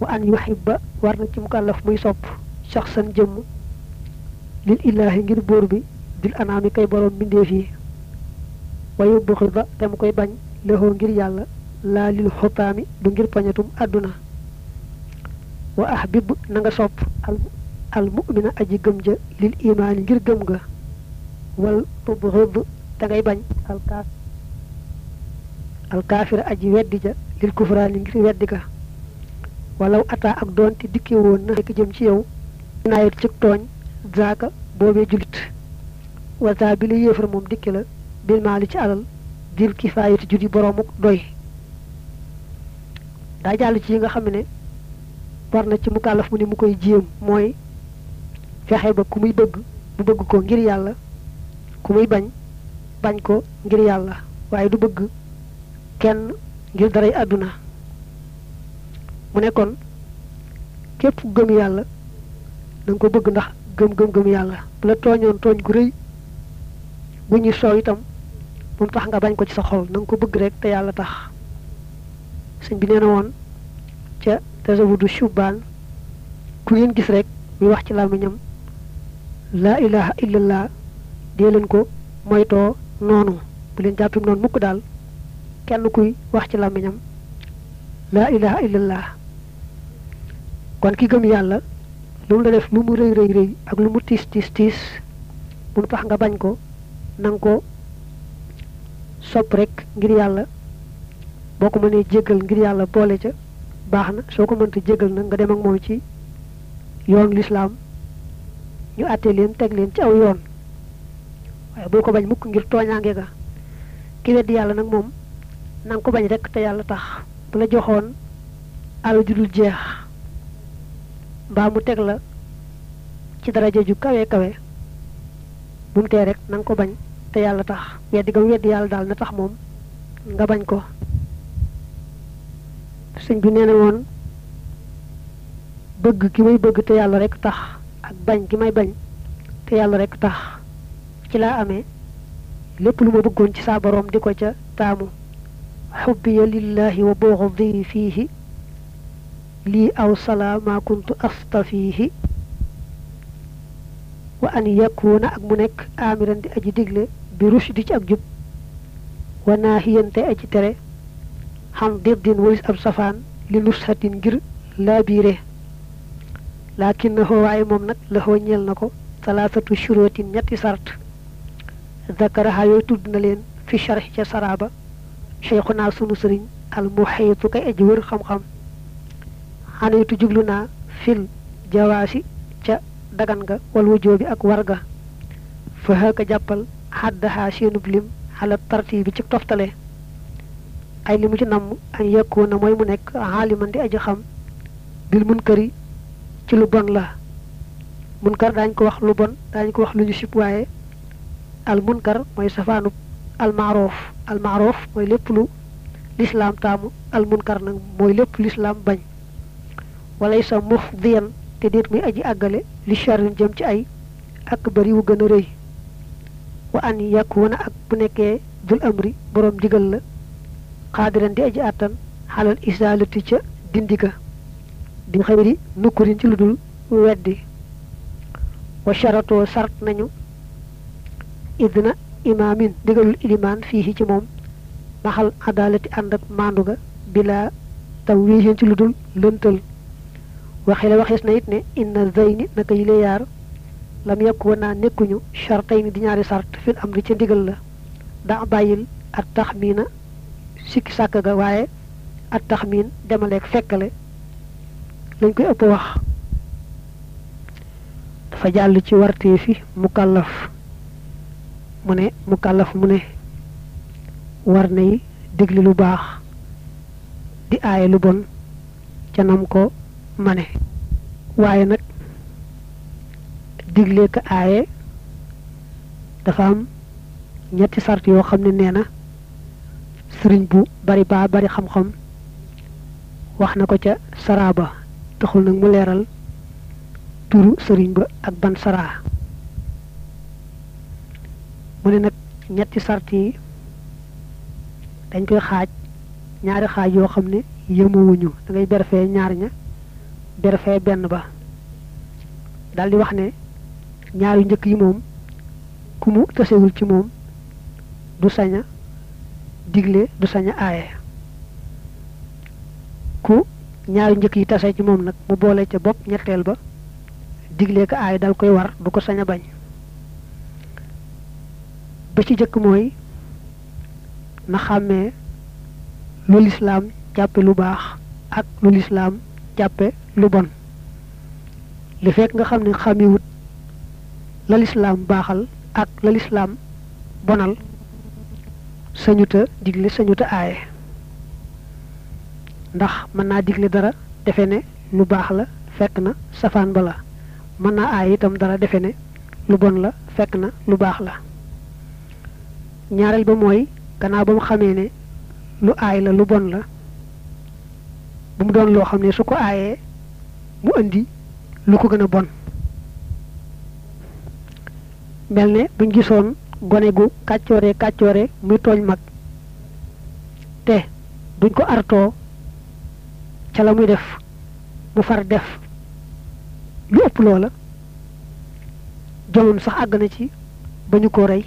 wa an yuhibba war na ci mukallaf muy sopp shaxsan jëmm lil illaahi ngir buur bi dil anaami kay borom mbindeef yi wa yubghida te mu koy bañ lexoo ngir yàlla laa lil xutaami du ngir pañatum àdduna wa ahbib na nga sopp al mu'mina aji gëm ja lil imaani ngir gëm ga wal tubghid da ngay bañ al kaafira aji weddi ja lil kufraani ngir weddi ga walaw ataa ak doonte dikke woon na nekk jëm ci yow naayet ci tooñ zaaka boobee jullit wata bi la yéefar moom dikke la bil maali ci alal dil kifaayati judi boroomuk doy daa jàll ci yi nga xam ne war na ci mukallaf mu ne mu koy jéem mooy fexe ba ku muy bëgg mu bëgg ko ngir yàlla ku muy bañ bañ ko ngir yàlla waaye du bëgg kenn ngir daray àdduna mu nekkoon kon képp gëm yàlla da nga ko bëgg ndax gëm gëm gëm yàlla bu la tooñoon tooñ gu rëy bu ñuy soow itam bu mu tax nga bañ ko ci sa xol na nga ko bëgg rek te yàlla tax sëñ bi nee ca woon ca tasawudu ku leen gis rek muy wax ci làmmiñam laa ilaha illallah dee leen ko moytoo noonu bu leen daal kenn kuy wax ci làmmiñam laa ilaha illallah kon ki gëm yàlla lu mu la def lu mu rëy rëy rëy ak lu mu tiis tiis tiis bu mu tax nga bañ ko na ko sopp rek ngir yàlla boo ko mënee jéggal ngir yàlla boole ca baax na soo ko mënta jéggal na nga dem ak moom ci yoon lislaam ñu àttee leen teg leen ci aw yoon waaye bul ko bañ mukk ngir tooñaange ga ki weddi yàlla nag moom na ko bañ rekk te yàlla tax bu la joxoon àll ju dul jeex mbaa mu teg la ci daraja ju kawe kawe bu mu tee rek na ko bañ te yàlla tax weddi gam weddi yàlla daal na tax moom nga bañ ko sëñ bi nee na woon bëgg gi may bëgg te yàlla rekk tax ak bañ gi may bañ te yàlla rekk tax ci laa amee lépp lu ma bëggoon ci saa boroom di ko ca taamu xubbiya lillahi wa bughdi fiihi lii aw salaa maa kuntu astafihi wa an yakuuna ak mu nekk amiran di aji digle bi rushdi ci ak jub wa naahiyan tey ci tere xam diddin walis ab safaan li nushatin ngir laabiire laakin na xoo moom nag la xoo ñeel na ko salaasatu shuróotin ñetti sart zakaraha yooyu tudd na leen fi sharx ca saraaba cheikhuna sunu sëriñ al muxiitu kay aji wër xam-xam xaneytu jublu naa fil jawaasi ca dagan ga wal wujjoo bi ak war ga fa xëkk jàppal xaddaxaa seenub lim xalaat tarti bi ci toftale ay li mu ci namm añ yekku na mooy mu nekk xaaliman di aji xam bil munkari ci lu bon la munkar daañ ko wax lu bon daañ ko wax lu ñu sib waaye al munkar mooy safaanub al maaroof al maaroof mooy lépp lu lislaam taamu al munkar nag mooy lépp lislaam bañ walay sa mufdiyan te déet muy aji àggale li charin jëm ci ay ak bari wu gën a rëy wa an yakuna ak bu nekkee dul amri boroom digal la xaadiran di aji àttan xalal isaalati ca dindiga di xëyri nukkurin ci lu dul weddi wa sharatoo sart nañu idna imaamin digalul ilimaan fii ci moom maxal adaalati ànd ak maandu ga bila taw wiisin ci lu dul lëntal waxee la waxees na it ne inna zeyni naka yi lee yaar lam yekk wa naa nekkuñu chartayni di ñaari sart am amri ca ndigal la daa bàyyil at taxmiina sikki sàkk ga waaye at taxmiin demaleeg fekkale lañ koy ëpp wax dafa jàll ci wartee fi mukallaf mu ne mukallaf mu ne war nay dégli lu baax di aaye lu bon ca nam ko ma ne waaye nag digle ko aaye dafa am ñetti sart yoo xam ne nee na sëriñ bu bari baa bari xam-xam wax na ko ca saraa ba taxul nag mu leeral turu sëriñ ba ak ban saraa mu ne nag ñetti sart yi dañ koy xaaj ñaari xaaj yoo xam ne yëmuwuñu da ngay berfee ñaar ña derfee benn ba daldi wax ne ñaar njëkk yi moom ku mu tasewul ci moom du saña digle du saña aaye ku ñaar njëkk yi tase ci moom nag mu boole ca bopp ñetteel ba digle ko aaye dal koy war du ko sañ a bañ ba ci jëkk mooy na xàmmee lu lislaam jàppe lu baax ak lu lislaam jàppe lu bon li fekk nga xam ne xàmmiwut la lislaam baaxal ak la lislaam bonal sañuta digle sañuta aaye ndax mën naa digle dara defe ne lu baax la fekk na safaan ba la mën naa aaye itam dara defe ne lu bon la fekk na lu baax la ñaareel ba mooy gannaaw ba mu xamee ne lu aay la lu bon la bu mu doon loo xam ne su ko aayee mu indi lu ko gën a bon mel ne buñ gisoon gone gu kàccoore kàccoore muy tooñ mag te buñ ko artoo ca la muy def mu far def lu ëpp loola jomam sax àgg na ci ba ñu ko rey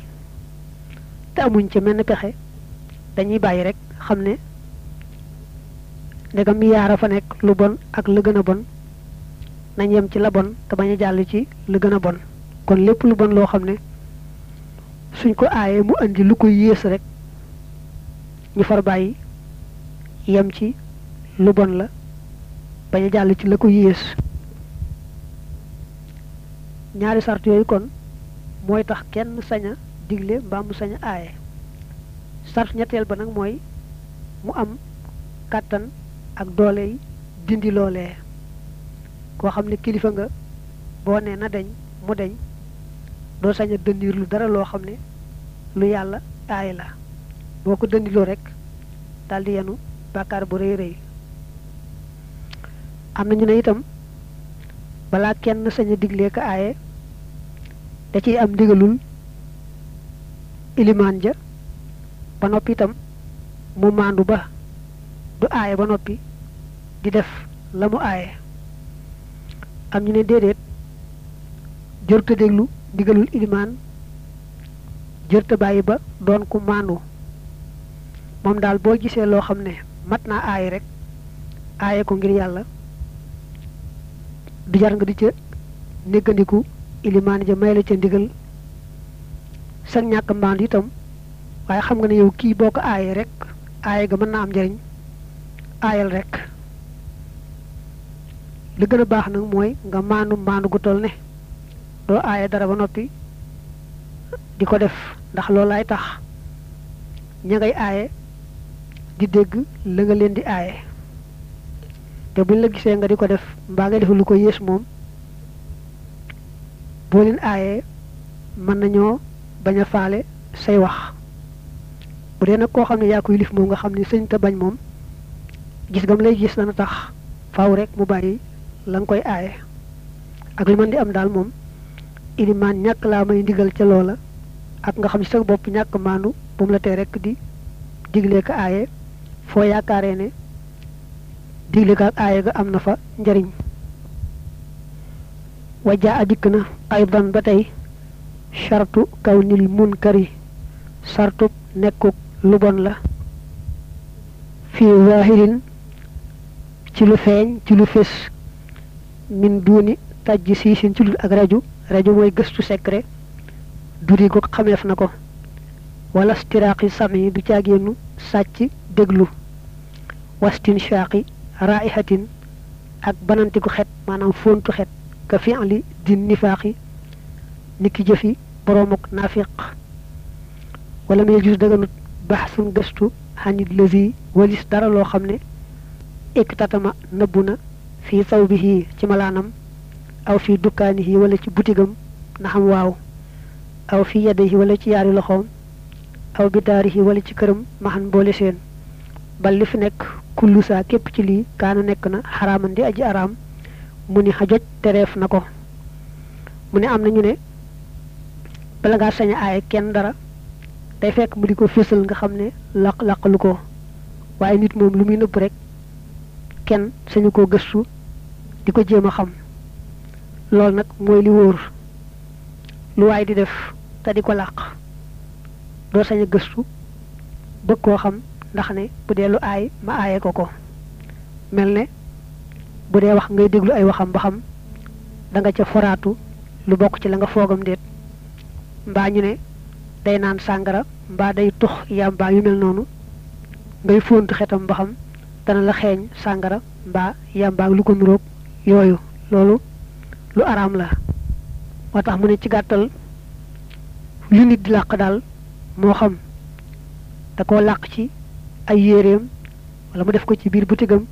te amuñ ci menn pexe dañuy bàyyi rekk xam ne ndegam yaara fa nekk lu bon ak la gën a bon nañ yem ci la bon te bañ jàll ci la gën a bon kon lépp lu bon loo xam ne suñ ko aayee mu indi lu ko yées rek ñu far bàyyi yem ci lu bon la bañ jàll ci la ko yées ñaari sart yooyu kon mooy tax kenn saña digle mbaa mu sañ a aaye sart ñetteel ba nag mooy mu am kàttan ak doole yi dindi loolee koo xam ne kilifa nga boo nee na deñ mu deñ doo sañ dëndiir lu dara loo xam ne lu yàlla aay la boo ko dëndiloo rek daal yenu bàkkaar bu rëy rëy am na ñu ne itam balaa kenn sañ a ko aaye da ciy am ndigalul ilimaan ja ba noppi itam mu maandu ba du aaye ba noppi di def la mu aaye am ñu ne déedéet jërta déglu ndigalul ilimaan jërta bàyyi ba doon ku maandu moom daal boo gisee loo xam ne mat naa aaye rek aaye ko ngir yàlla du jar nga di ca néggandiku ilimaan ja may la ca ndigal sag ñàkk mbaandu itam waaye xam nga ne yow kii boo ko aayee rek aaye ga mën naa am njariñ aayal rek li gën a baax nag mooy nga maanu maanu gu toll ne doo aaye dara ba noppi di ko def ndax loolaay tax ña ngay aaye di dégg la nga leen di aaye te buñ la gisee nga di ko def mbaa nga def lu ko yées moom boo leen aayee mën nañoo bañ a faale say wax bu dee nag koo xam ne yaa koy lif moom nga xam ne sëñ bañ moom gis gam lay gis dana tax faaw rek mu bàyyi la koy aaye ak lu mën di am daal moom ilimaan ñàkk laa may ndigal ca loola ak nga xam ci sa bopp ñàkk maandu bu mu la tee rek di diglee ko aaye foo yaakaaree ne digle ko ak aaye ga am na fa njariñ wajaa a dikk na aydan ba tey chartu kaw nil munkari sartub nekkuk lu bon la fii waahirin ci lu feeñ ci lu fés min duuni tàjji sii sin ci dul ak raju raju mooy gëstu secret duri goog xameef na ko wala stiraaqi sami du caagéenu sàcc déglu wastin shaaqi raihatin ak banantiku xet maanaam fontu xet ka fi li din nifaaqi niki jëfi boroomuk naafiq wala muy jus daganut baxsun gëstu xanit lësi walis dara loo xam ne iktatama nëbbu na fii sawbihi ci malaanam aw fii dukkaanihi wala ci butigam na waaw aw fii yadihi wala ci yaari loxoom aw bi daarihi wala ci këram maxan boole seen ba li fi nekk kullu képp ci lii kaana nekk na xaraaman di aji araam mu ni xajoj tereef na ko mu ne am na ñu ne bala ngaa sañ a kenn dara day fekk mu di ko fésal nga xam ne laq laqalu ko waaye nit moom lu muy nëbb rek kenn sañu koo gëstu di ko jéem a xam loolu nag mooy li wóor lu waay di def te di ko làq doo sañ gëstu bëgg koo xam ndax ne bu dee lu aay ma aaye ko ko mel ne bu dee wax ngay déglu ay waxam ba xam da ca foraatu lu bokk ci la nga foogam déet mbaa ñu ne day naan sàngara mbaa day tux yàmbaa yu mel noonu ngay fóontu xetam ba xam dana la xeeñ sàngara mbaa yàmbaag lu ko nuroog yooyu loolu lu araam la moo tax mu ne ci gàttal lu nit di làq daal moo xam da koo làq ci ay yéreem walla mu def ko ci biir butigam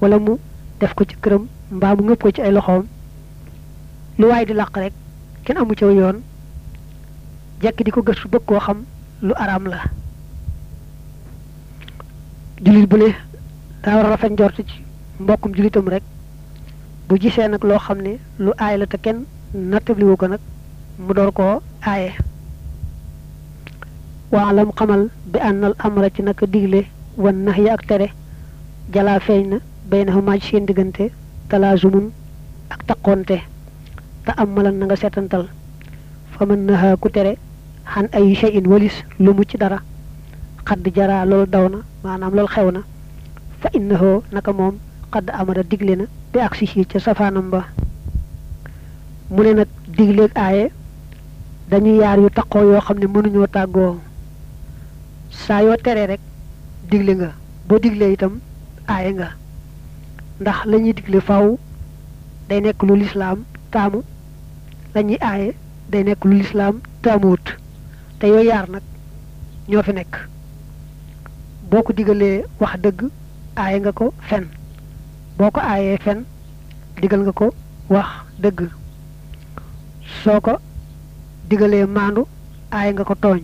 wala mu def ko ci këram mbaa mu ngëpp ko ci ay loxoom lu waay di làq rek kenn amu ca yoon jekk di ko gëstu bëgg koo xam lu araam la jullit bu ne daa war njort ci mbokkum jullitam rek bu gisee nag loo xam ne lu aay la te kenn nattabliwu ko nag mu door koo aaye waalam xamal bi ànnal amra ci naka digle wan nax ya ak tere jalaa feeñ na bay na maaj seen diggante talaa talaazumun ak taqonte te am malan na nga setantal fa mën naxaa ku tere xan ay shay'in walis lu mu ci dara xadd jaraa loolu daw na maanaam loolu xew na fa innahu naka moom xadd amada digle na bi ak si ca safaanam ba mu ne nag digleeg aaye dañuy yaar yu taqoo yoo xam ne mënuñoo tàggoo saa yoo teree rek digle nga boo diglee itam aaye nga ndax la ñuy digle faaw day nekk lu lislaam taamu la ñuy aaye day nekk lu lislaam taamuwut te yooyu yaar nag ñoo fi nekk boo ko digalee wax dëgg aaye nga ko fen boo ko aayee fen digal nga ko wax dëgg soo ko digalee maandu aaye nga ko tooñ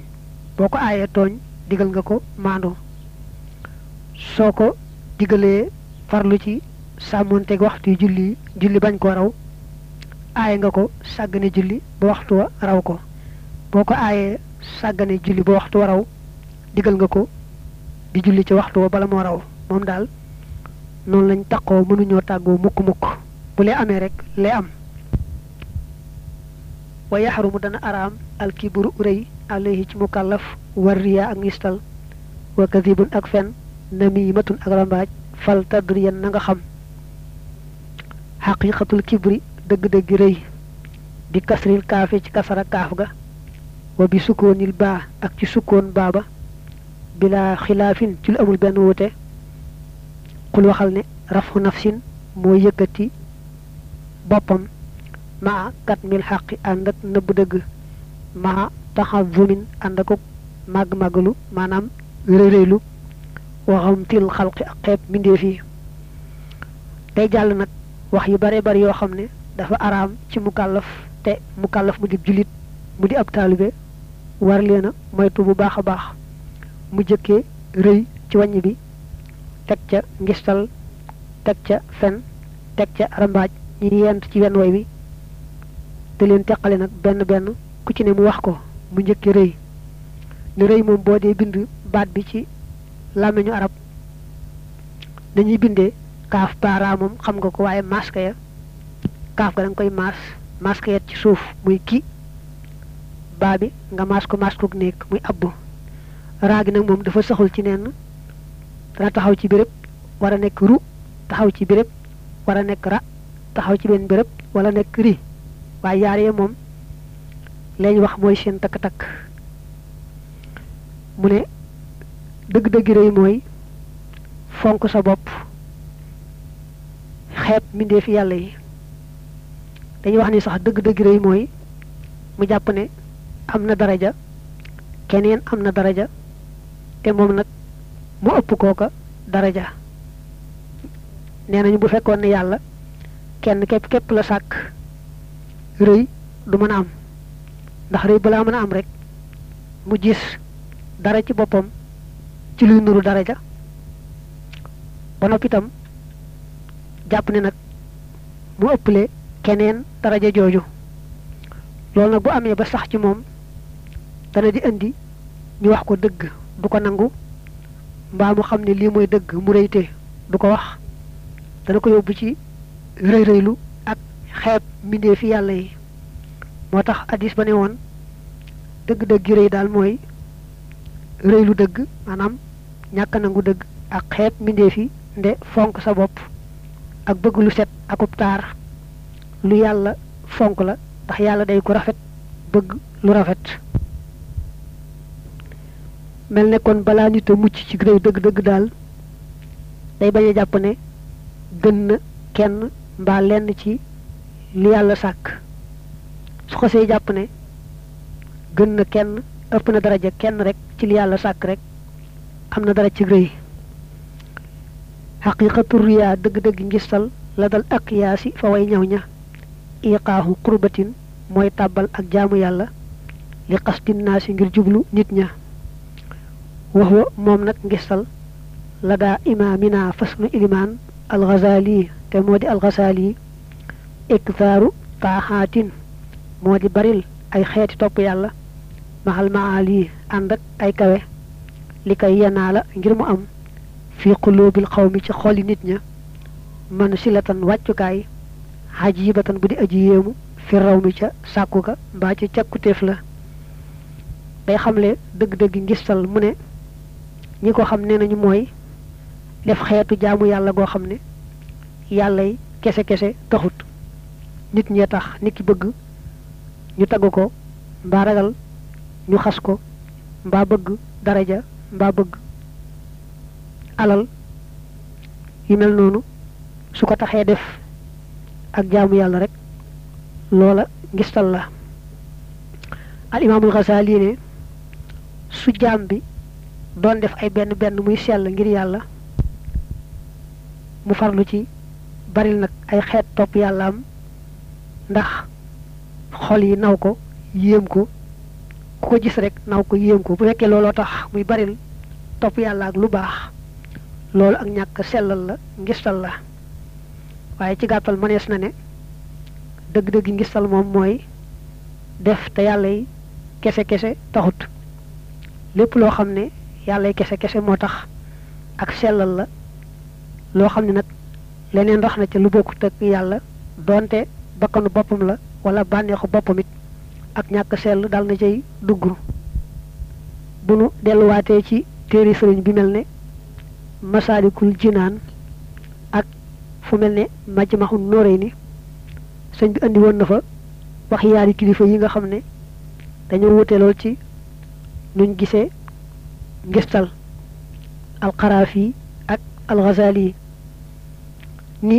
boo ko aayee tooñ digal nga ko maandu soo ko digalee farlu ci sàmmonteeg waxtu yu julli julli bañ koo raw aaye nga ko sàggane julli ba waxtu wa raw ko boo ko aayee sàggane julli ba waxtu wa raw digal nga ko di julli ci waxtu wa bala moo raw moom daal noonu lañ taqoo mënuñoo tàggoo mukk-mukk bu lee amee rek lee am wa yaxarumu dana araam alkibru rëy alayhi ci mukallaf war riyaa ak ngistal wa kadibun ak fen namimatun ak rambaaj fal tadriyan na nga xam xaqiqatul kibri dëgg-dëggi rëy bi kasril kaafe ci kasara kaaf ga wa bi sukkoonil baa ak ci sukkoon baaba bila xilaafin ci lu amul benn wuute xul waxal ne rafu nafsin moo yëkkati boppam maa kat mil xaqi ànd ak nëbb dëgg maa taxa zumin ànd ak màgg-màggalu maanaam réeréelu waxam til xalqi ak xeeb mbindeef yi tey jàll nag wax yu bare bari yoo xam ne dafa araam ci mu mukallaf te mu mukallaf mu di jullit mu di ab taalibe war leen a moytu bu baax a baax mu jëkkee rëy ci wàññ bi teg ca ngistal teg ca fen teg ca rambaaj ñi yent ci wenn woy wi te leen teqale nag benn benn ku ci ne mu wax ko mu njëkki rëy ne rëy moom boo dee bind baat bi ci làmmiñu arab dañuy bindee kaaf baara moom xam nga ko waaye maska ya kaaf ga da koy maas maska ya ci suuf muy kii baa bi nga maas ko maas koog néeg muy abbu raa gi nag moom dafa saxul ci nenn dana taxaw ci béréb war a nekk ru taxaw ci béréb war a nekk ra taxaw ci benn béréb wala nekk ri waaye yaaree moom lañ wax mooy seen takk-takk mu ne dëgg-dëgg réy mooy fonk sa bopp xeeb fi yàlla yi dañuy wax ni sax dëgg-dëgg réy mooy mu jàpp ne am na daraja keneen am na daraja te moom nag mu ëpp kooka daraja nee nañu bu fekkoon ne yàlla kenn képp képp la sàkk rëy du mën a am ndax rëy balaa mën a am rek mu gis dara ci boppam ci luy nuru daraja ba noppi jàpp ne nag mu ëpple keneen daraja jooju loolu nag bu amee ba sax ci moom dana di indi ñu wax ko dëgg du ko nangu mbaa mu xam ne lii mooy dëgg mu réy du ko wax dana ko yóbbu ci rëy ak xeeb mbindee fi yàlla yi moo tax addis ba ne woon dëgg-dëgg yi rëy daal mooy rëylu dëgg maanaam ñàkk nangu dëgg ak xeeb mbindee fi nde fonk sa bopp ak bëgg lu set aku taar lu yàlla fonk la ndax yàlla day ko rafet bëgg lu rafet mel ne kon balaa nit a mucc ci réew dëgg-dëgg daal day bañ a jàpp ne gën na kenn mbaa lenn ci li yàlla sàkk su xasee jàpp ne gën na kenn ëpp na daraja kenn rek ci li yàlla sàkk rek am na dara ci réy xaqiqatu riyaa dëgg-dëgg ngistal la dal ak yaasi fa way ñaw ña iqaahu qurbatin mooy tàbbal ak jaamu yàlla li xastin naa ngir jublu nit ña wax wa moom nag ngistal la daa imaamina fasnu ilimaan alxasaali te moo di alxasaali iktaaru taaxaatin moo di baril ay xeeti topp yàlla maxal maali ànd ak ay kawe li koy yanaa la ngir mu am fii xulóobil xaw mi ci xoli nit ña man silatan wàccukaay xajibatan bu di aji fi raw mi ca sàkku ga mbaa ci càkkutéef la day xamle dëgg-dëgg ngistal mu ne ñi ko xam ne nañu mooy def xeetu jaamu yàlla goo xam ne yàllay kese-kese taxut nit ñee tax nit ki bëgg ñu tagg ko mbaa ragal ñu xas ko mbaa bëgg daraja mbaa bëgg alal yu mel noonu su ko taxee def ak jaamu yàlla rek loola ngistal la al imaamul Ghazali ne su jaam bi doon def ay benn benn muy sell ngir yàlla mu farlu ci baril nag ay xeet topp yàlla am ndax xol yi naw ko yéem ko ku ko gis rek naw ko yéem ko bu fekkee looloo tax muy baril topp yàlla lu baax loolu ak ñàkk sellal la ngistal la waaye ci gàttal mënees na ne dëgg-dëgg ngistal moom mooy def te yàlla kese kese taxut lépp loo xam ne yàllay kese kese moo tax ak sellal la loo xam ne nag leneen rax na ca lu bokkut ak yàlla doonte bakkanu boppam la wala bànneexu boppam it ak ñàkk sell dal na cay dugg bu nu delluwaatee ci téere sëriñ bi mel ne masaalikul jinaan ak fu mel ne majmaxu nooree ni sëñ bi indiwoon woon na fa wax yaari kilifa yi nga xam ne dañoo wute lool ci nuñ gisee ngistal alxaraafi ak alxazaali ni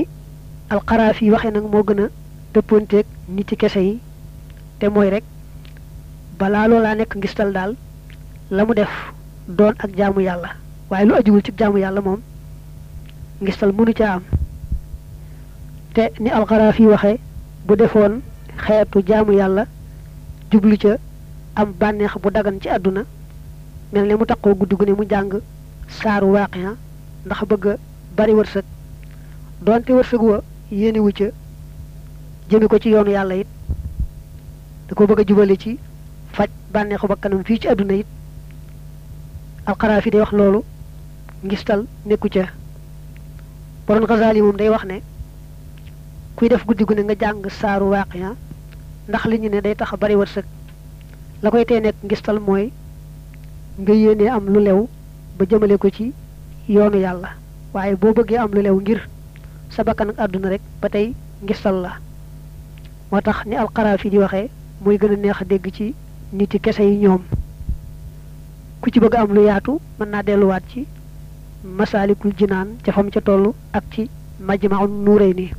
alxaraafi waxee nag moo gën a dëppanteeg nit ci kese yi te mooy rek balaa loolaa nekk ngistal daal la mu def doon ak jaamu yàlla waaye lu ajuwul ci jaamu yàlla moom ngistal mënu ca am te ni alxaraafi waxe bu defoon xeetu jaamu yàlla jublu ca am bànneex bu dagan ci àdduna mel ne mu taqoo guddi gu ne mu jàng saaru waaqia ndax bëgg a bari wërsëg doonte wërsëg wa yéene ca jëme ko ci yoonu yàlla yit da ko bëgg a jubale ci faj bànneexu kanam fii ci àdduna it alxaraafi day wax loolu ngistal nekku ca borom Gazaali moom day wax ne kuy def guddi gu ne nga jàng saaru waaqia ndax li ñu ne day tax bari wërsëg la koy tee nekk ngistal mooy nga yéenee am lu lew ba jëmale ko ci yoonu yàlla waaye boo bëggee am lu lew ngir sa bakkan ak àdduna rek ba tey ngistal la moo tax ni alxaraafi di waxee muy gën a neex a dégg ci nit yi kese yi ñoom ku ci bëgg am lu yaatu mën naa delluwaat ci masaalikul jinaan ca fam ca toll ak ci majmaun nuuréy nii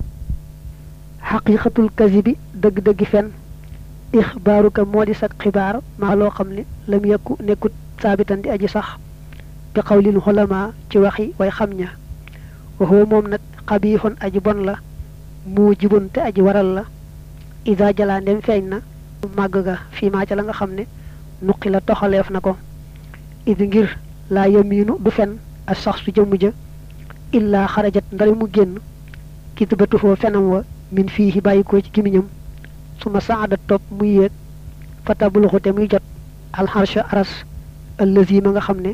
xaqiqatul kasi bi dëgg-dëggi fen ixbaaruka moo di sag xibaar maa loo xam ne lam yëkku nekkut saabitan di aji sax bi xawlil xulamaa ci waxi way xam ña waxoo moom nag xabiixun aji bon la mu jibun te aji waral la isa jalaa ndem feeñ na màgg ga fii maa ca la nga xam ne nuqi la toxaleef na ko idi ngir laa yamiinu du fen ak sax su jëmm ja illaa xarajat ndari mu génn kitbatufoo fenam wa min fii hi bàyyi ci gimiñam su ma saada topp muy yéeg fa tabuluxu te muy jot alxarsha aras allazi ma nga xam ne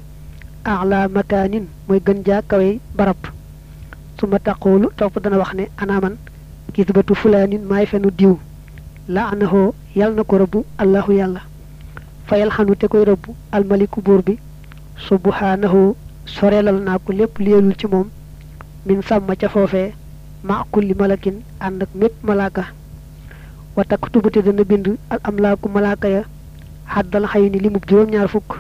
ala makaanin mooy gën jaa kawey barab su ma taqoolu topp dana wax ne anaaman kisbatu fulaanin maay fenu diw la anahoo na ko rëbb allahu yàlla fayal xanu te koy rëbb almaliku buur bi subhaanahu sorelal naa ko lépp leelul ci moom min sàmm ca foofee ma kulli malakin ànd ak mépp malaaka wa takk tubate dana bind al amlaaku malaaka ya xaddal xay ni limub juróom-ñaar fukk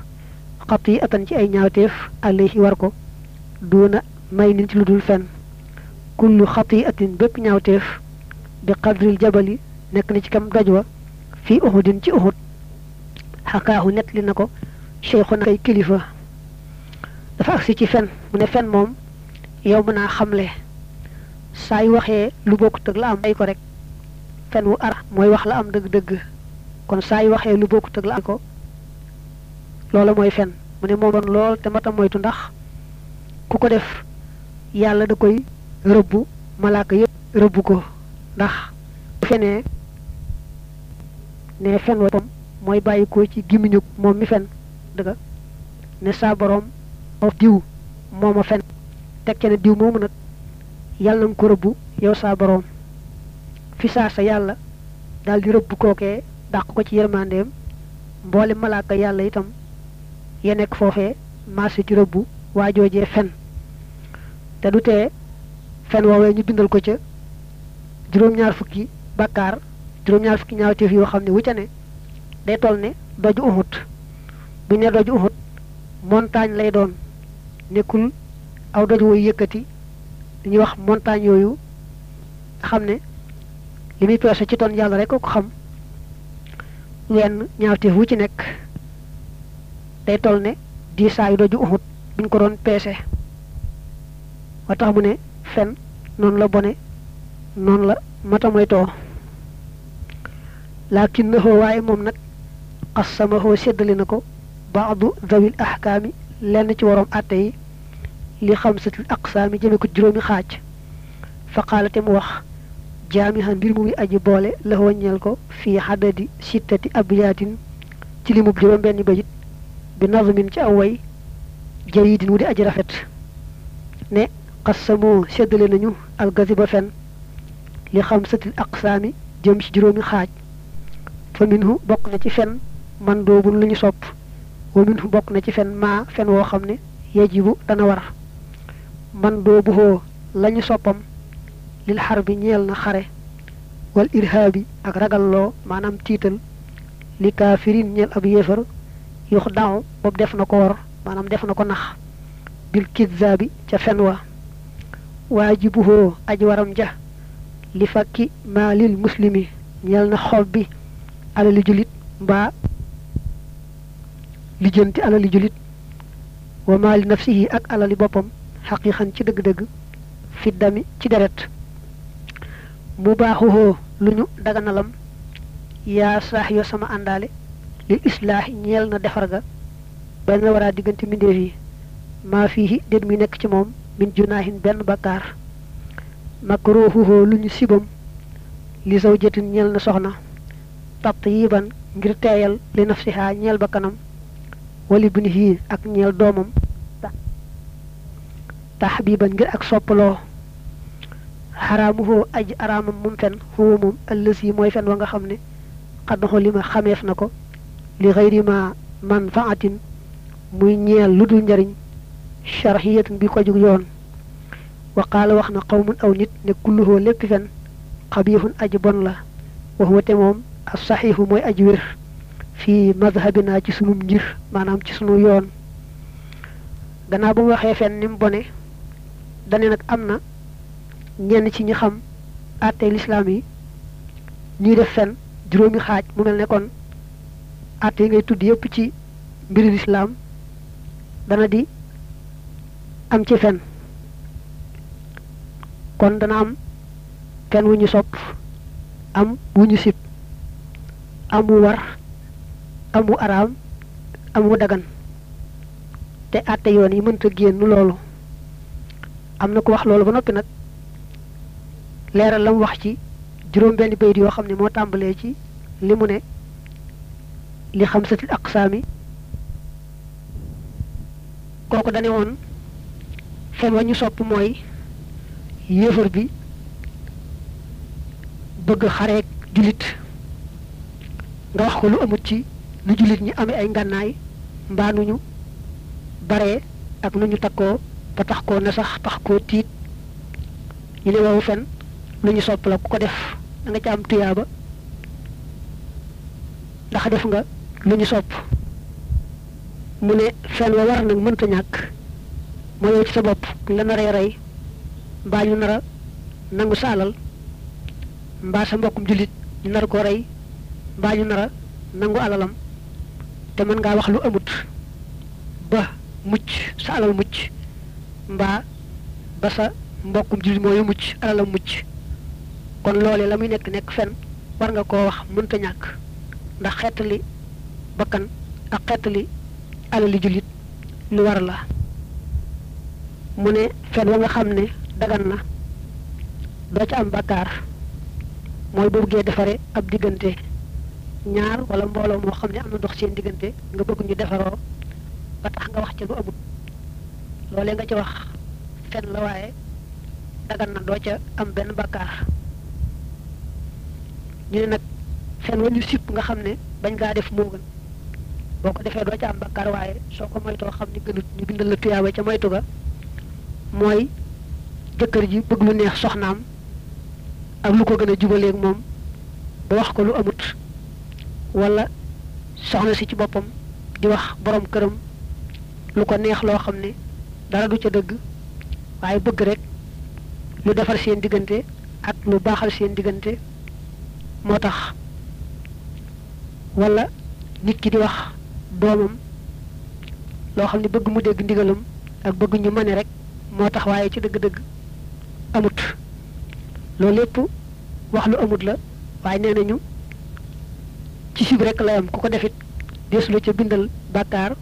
xat yi atan ci ay ñaawteef alayhi war ko duuna may nin ci lu dul fenn yi atin bépp ñaawteef bi qadril jabali nekk na ci kam doj wa fii uhudin ci uhud xakaahu nett li na ko cheikhu na kay kilifa dafa agsi ci fen mu ne fen moom yow mën naa xamle saay waxee lu bokkut ak la am ay ko rek fen wu ara mooy wax la am dëgg-dëgg kon saay waxee lu bokkut ak la am ko loola mooy fen mu ne moo lool te matam ndax ku ko def yàlla da koy rëbbu malaaka yëpp rëbbu ko ndax bu fenee ne fen mooy bàyyi ko ci gimiñug moom mi fen dëgga ne saa boroom diw moom a teg ca ne diw moomu nag yàlla nga ko rëbbu yow saa boroom fi saa sa yàlla daal di rëbb kookee dàq ko ci yërmandeem mboole malaaka yàlla itam ya nekk foofee marché ci rëbbu waajoojee fen te du tee fen woowee ñu bindal ko ca juróom-ñaar fukki bakkaar juróom-ñaar fukki ñaawteef yoo xam ne wu ca ne day toll ne doju Uhud bu ñu ne doju Uhud montagne lay doon nekkul aw doj wooyu yëkkati dañuy wax montagne yooyu xam ne li muy ci ton yàlla rek ko xam wenn ñaawteef wu ci nekk day toll ne diisaayu doju Uhud buñ ko doon peese wa tax mu ne fen noonu la bone noonu la mata lakin lakinnahu waaye moom nag sama qasamahoo séddali na ko baadu zawil ahkaami lenn ci waroom àtte yi li xamsatil aqsaami jëme ko juróomi xaaj fa qaala te mu wax jaamiha mbir mu muy aji boole la waññeel ko fii xadadi sittati abiyaatin ci limub juróom benn bayit bi nazmin ci aw way jaridin wu di aji rafet ne xassamoo séddale nañu algaziba fen li ak aqsaami jëm ci juróomi xaaj fa minhu bokk na ci fen man doobun lu sopp wa bokk na ci fen maa fen woo xam ne yajibu dana war man doobuhoo la lañu soppam lil xar bi ñeel na xare wal irhaabi ak ragalloo maanaam tiital li kaafirin ñeel ab yéefar yux daaw boobu def na ko wor maanaam def na ko nax bil bi ca fen wa waajibuhoo aj waram ja li fakki maalil muslimi ñeel na xob bi alali julit mbaa lijjanti alali julit wa maali nafsihi ak alali boppam xaqiqan ci dëgg-dëgg fi ci deret mu baaxuhoo lu ñu daganalam yaa saax yoo sama àndaale li islaahi ñeel na defar ga bay na waraa diggante mbindeef yi maa fii déet muy nekk ci moom min junaahin benn bakkaar makruhuhu lu ñu sibam li saw jëtin ñeel na soxna tatyiban ngir teeyal li nafsiha ñeel ba kanam wali ibnihi ak ñeel doomam tahbiban ngir ak soppaloo xaraamuhu aji araamam moom fen huwa moom ëllës yi mooy fen wa nga xam ne xaddoxo li ma xameef na ko li xayri ma manfaatin muy ñeel lu dul njariñ sharxiyatan bi ko jug yoon wa wax na qawmun aw nit ne kulluhoo lépp fen xabiixun aju bon la wax wate moom as saxiixu mooy aju wér fii madhabinaa ci sunu ngir maanaam ci sunu yoon gannaaw ba mu waxee fen ni mu bone dane nag am na ñenn ci ñi xam àttey lislaam yi ñuy def fen juróomi xaaj mu mel ne atte yi ngay tudd yëpp ci mbiri lislaam dana di am ci fen kon dana am fen wu ñu sopp am wu ñu sib am wu war am wu araam am wu dagan te àtte yoon yi mënta génn loolu am na ko wax loolu ba noppi nag leeral lam wax ci juróom benn bayit yoo xam ne moo tàmbalee ci li mu ne li xamsati aqsaami kooko dane woon fen wa ñu sopp mooy yéefar bi bëgg xareek jullit nga wax ko lu amut ci nu jullit ñi amee ay ngànnaay mbaa nu ñu baree ak nu ñu takkoo ba tax koo na sax tax koo tiit ñu ne woowu fen lu ñu sopp la ku ko def da nga ci am tuyaaba ndax def nga lu ñu sopp mu ne fen wa war nag mënta ñàkk mooy yow ci sa bopp la naree rey mbaa ñu nara nangu sa alal mbaa sa mbokkum jullit ñu nar ko rey mbaa ñu nara nangu alalam te mën ngaa wax lu amut ba mucc sa alal mucc mbaa ba sa mbokkum jullit mooyu mucc alalam mucc kon loole la muy nekk nekk fen war nga koo wax mënta ñàkk ndax xeetali bakkan ak xettali alali jullit lu war la mu ne fen wa nga xam ne dagan na doo ci am bakkaar mooy bu buggee defare ab diggante ñaar wala mbooloo moo xam ne am na dox seen diggante nga bëgg ñu defaroo ba tax nga wax ci lu amut loolee nga ca wax fen la waaye dagan na doo ca am benn bakkaar ñu ne nag fen wa ñu sipp nga xam ne bañ gaa def moo gën boo ko defee doo ca am bakkaar waaye soo ko moytoo xam ni gënut ñu bindal la tuyaaba ca moytu ga mooy jëkkër ji bëgg lu neex soxnaam ak lu ko gën a jubaleeg moom ba wax ko lu amut wala soxna si ci boppam di wax boroom këram lu ko neex loo xam ne dara du ca dëgg waaye bëgg rekk lu defar seen diggante ak lu baaxal seen diggante moo tax wala nit ki di wax doomam loo xam ne bëgg mu dégg ndigalam ak bëgg ñu mëne rek moo tax waaye ci dëgg-dëgg amut loolu lépp wax lu amut la waaye nee nañu ci sib rekk la ku ko defit dees ca bindal bàkkaar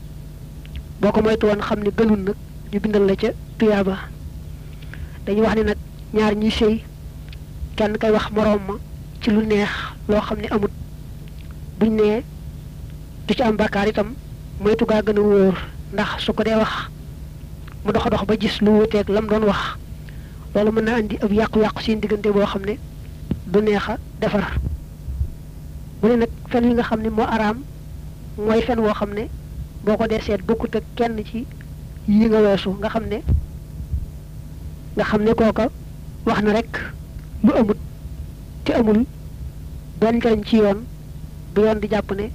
boo ko moytu woon xam ne gënul nag ñu bindal la ca tuyaaba dañuy wax ne nag ñaar ñuy sëy kenn kay wax moroom ci lu neex loo xam ne amut buñ nee du ci am bàkkaar itam moytu gaa gën a wóor ndax su ko dee wax mu dox dox ba gis lu wuteeg lam doon wax loolu mën na andi ab yàqu-yàqu seen diggante boo xam ne du neex a defar mu ne nag fen wi nga xam ne moo araam mooy fen woo xam ne boo ko dee seet bokkut ak kenn ci yi nga weesu nga xam ne nga xam ne kooka wax na rek lu amut te amul benn njariñ ci yoon bu yoon di jàpp ne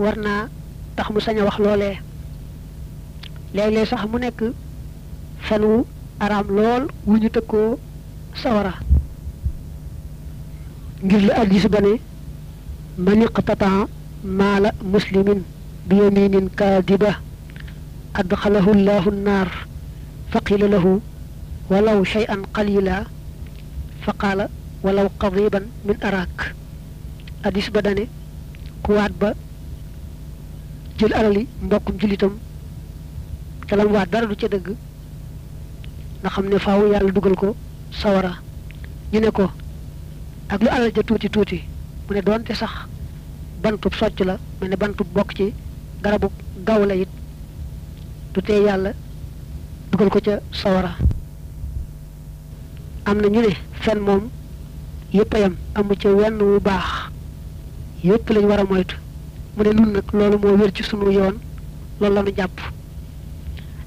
war naa tax mu sañ a wax loolee léeg sax mu nekk fen wu araam lool wu ñu tëkkoo sawara ngir la addis ba ne maniqtatan maala muslimin bi yaminin kaadiba adxalahu llahu naar faqila lahu walaw shay'an qalila fa qaala walaw qadiban min araak addis ba dane ku ba jël alali mbokkum jullitam te lam waat dara du ca dëgg nga xam ne faaw yàlla dugal ko sawara ñu ne ko ak lu alal ja tuuti tuuti mu ne doonte sax bantub socc la mel ne bantub bokk ci garabu gaw la it du tee yàlla dugal ko ca sawara am na ñu ne fen moom yëpp a yam amu ca wenn wu baax yépp lañ war a moytu mu ne nun nag loolu moo wér ci sunu yoon loolu la nu jàpp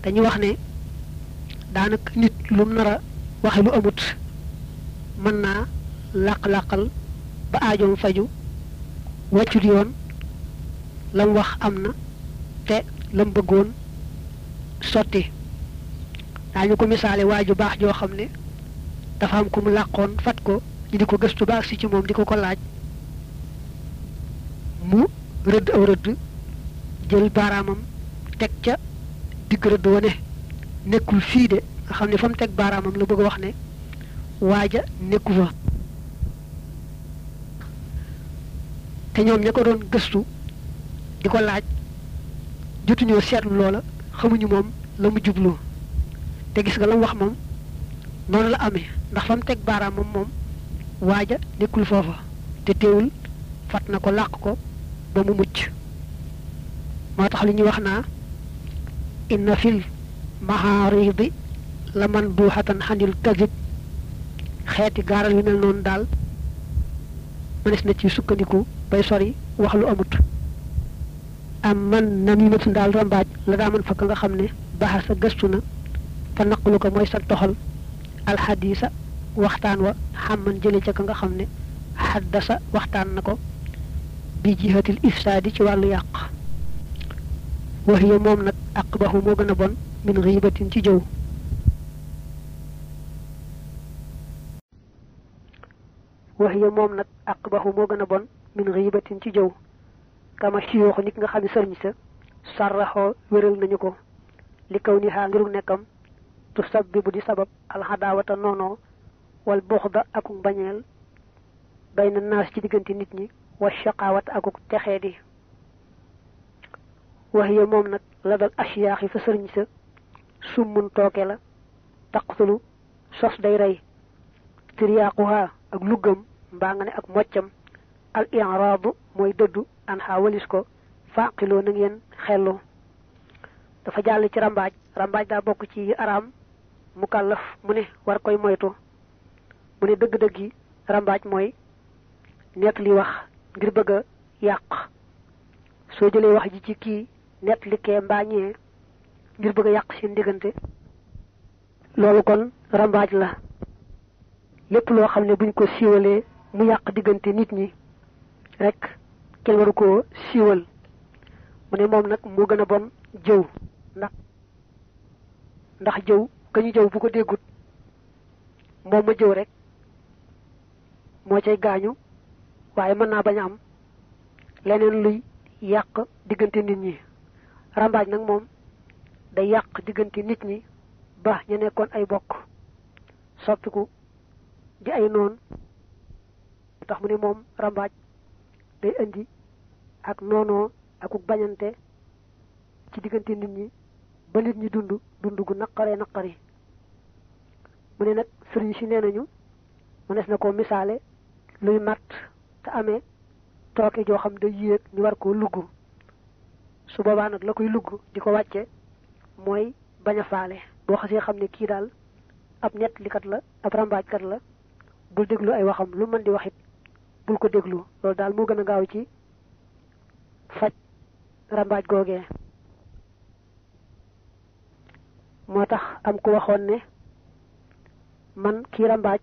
dañu wax ne daanaka nit lu nar a waxe lu amut mën naa làq-làqal ba aajoom faju wàccul yoon lam wax am na te lam bëggoon sotti daañu ko misaale waa ju baax joo xam ne dafa am ku mu làqoon fat ko ñu di ko gëstu baax si ci moom di ko ko laaj mu rëdd aw rëdd jël baaraamam teg ca digg rëdd wane nekkul fii de nga xam ne fa mu teg baaraamam la bëgg a wax ne waaja nekku fa te ñoom ña ko doon gëstu di ko laaj jotuñoo seetlu loola xamuñu moom la mu jublu te gis nga la mu wax moom noonu la ame ndax fa mu teg baaraamam moom waaja nekkul foofa te teewul fat na ko làq ko ba mu mucc moo tax li ñu wax naa inna fil maharidi la man buuxatan xanil kazib xeeti gaaral yu mel noonu daal mënees na ci sukkandiku bay sori wax lu amut am man namimatu daal rambaaj la daa mën fa ka nga xam ne baaxa sa gëstu na fa naqlu ko mooy sa toxal alxadiisa waxtaan wa xàmman jële ca ka nga xam ne xaddasa waxtaan na ko bi jihatil ifsaadi ci wàllu yàq wax ya moom nag aqbahu moo gën a bon min riibatin ci jëw wax ya moom nag aqbahu moo gën a bon ci jëw kama siyooxu nit nga xam ne sëriñ sa sarraxoo wéral nañu ko li kaw ni xaa ngiru nekkam tu bu di sabab alxadaawata noonoo wal buxda akuk bañeel bay naas ci diggante nit ñi wa shaqawat akuk texee wax ya moom nag la dal yi fa sëriñ sa summun tooke la taqtulu sos day rey tiryaaquha ak luggam mbaa nga ne ak moccam al i'raadu mooy dëddu an xaa walis ko faaqiloo na ngeen xellu dafa jàll ci rambaaj rambaaj daa bokk ci yi araam mukallaf mu ne war koy moytu mu ne dëgg-dëgg yi rambaaj mooy nekk wax ngir bëgg a yàq soo jëlee wax ji ci kii net li kee mbaañee ngir bëgg yàq seen diggante loolu kon rambaaj la lépp loo xam ne buñ ko siiwalee mu yàq diggante nit ñi rek kenn waru koo siiwal mu ne moom nag moo gën a bon jëw ndax ndax jëw ka ñu jëw bu ko déggut moom ma jëw rek moo cay gaañu waaye mën naa bañ a am leneen luy yàq diggante nit ñi rambaaj nag moom day yàq diggante nit ñi ba ñu nekkoon ay bokk soppiku di ay noon tax mu ne moom rambaaj day indi ak noonoo ak bañante ci diggante nit ñi ba nit ñi dund dund gu naqaree naqari mu ne nag sëriñ si nee nañu mënees na ko misaale luy matt te amee tooke joo xam day yéeg ñu war koo lugg su boobaa nag la koy lugg di ko wàcce mooy bañ a faale boo xasee xam ne kii daal ab nettalikat la ab rambaajkat la bul déglu ay waxam lu mën di waxit bul ko déglu loolu daal moo gën a gaaw ci faj rambaaj googee moo tax am ku waxoon ne man kii rambaaj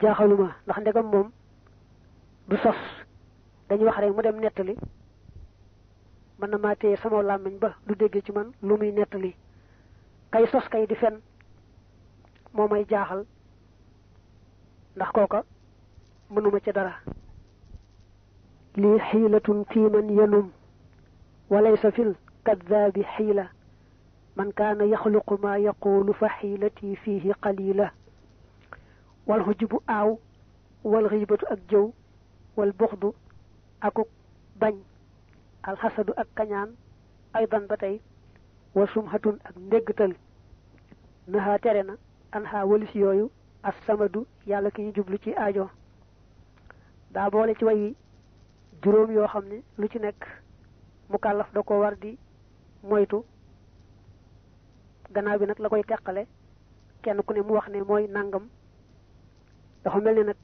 jaaxaluma ndax ndegam moom du sos dañuy wax rek mu dem nettali mën na maa téye sama làmmiñ ba du dégg ci man lu muy nettali kay sos kay di fen moo may jaaxal ndax kooka mënuma ci dara lii xiilatun fii man yelum walaysa fil kadaabi xiila man kaana yaxluqu maa yaquulu fa xiilatii fiihi qalila wal xujubu aaw wal xiibatu ak jëw wal buxdu akuk bañ alxasadu ak kañaan aydan ba tey wa sumhatun ak ndéggtal naxaa tere na anxaa walis yooyu as samadu yàlla ki ñu jublu ci ajo daa boole ci way juróom yoo xam ne lu ci nekk mu kàllaf da ko war di moytu gannaaw bi nag la koy teqale kenn ku ne mu wax ne mooy nangam dafa mel ne nag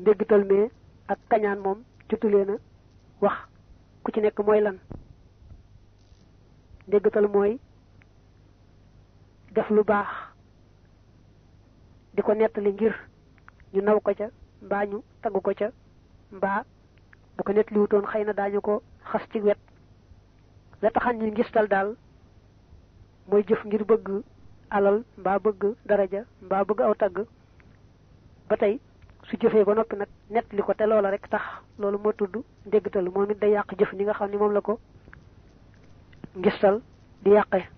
ndéggtal mee ak kañaan moom jotu leen wax ku ci nekk mooy lan déggatal mooy def lu baax di ko nettali ngir ñu naw ko ca mbaa ñu tagg ko ca mbaa bu ko nettali wutoon xëy na daañu ko xas ci wet la taxan ñu ngistal daal mooy jëf ngir bëgg alal mbaa bëgg daraja mbaa bëgg aw tagg ba tey su jëfee ba noppi nag nett ko te loola rek tax loolu moo tudd ndéggtal moom it day yàq jëf ni nga xam ni moom la ko ngistal di yàqe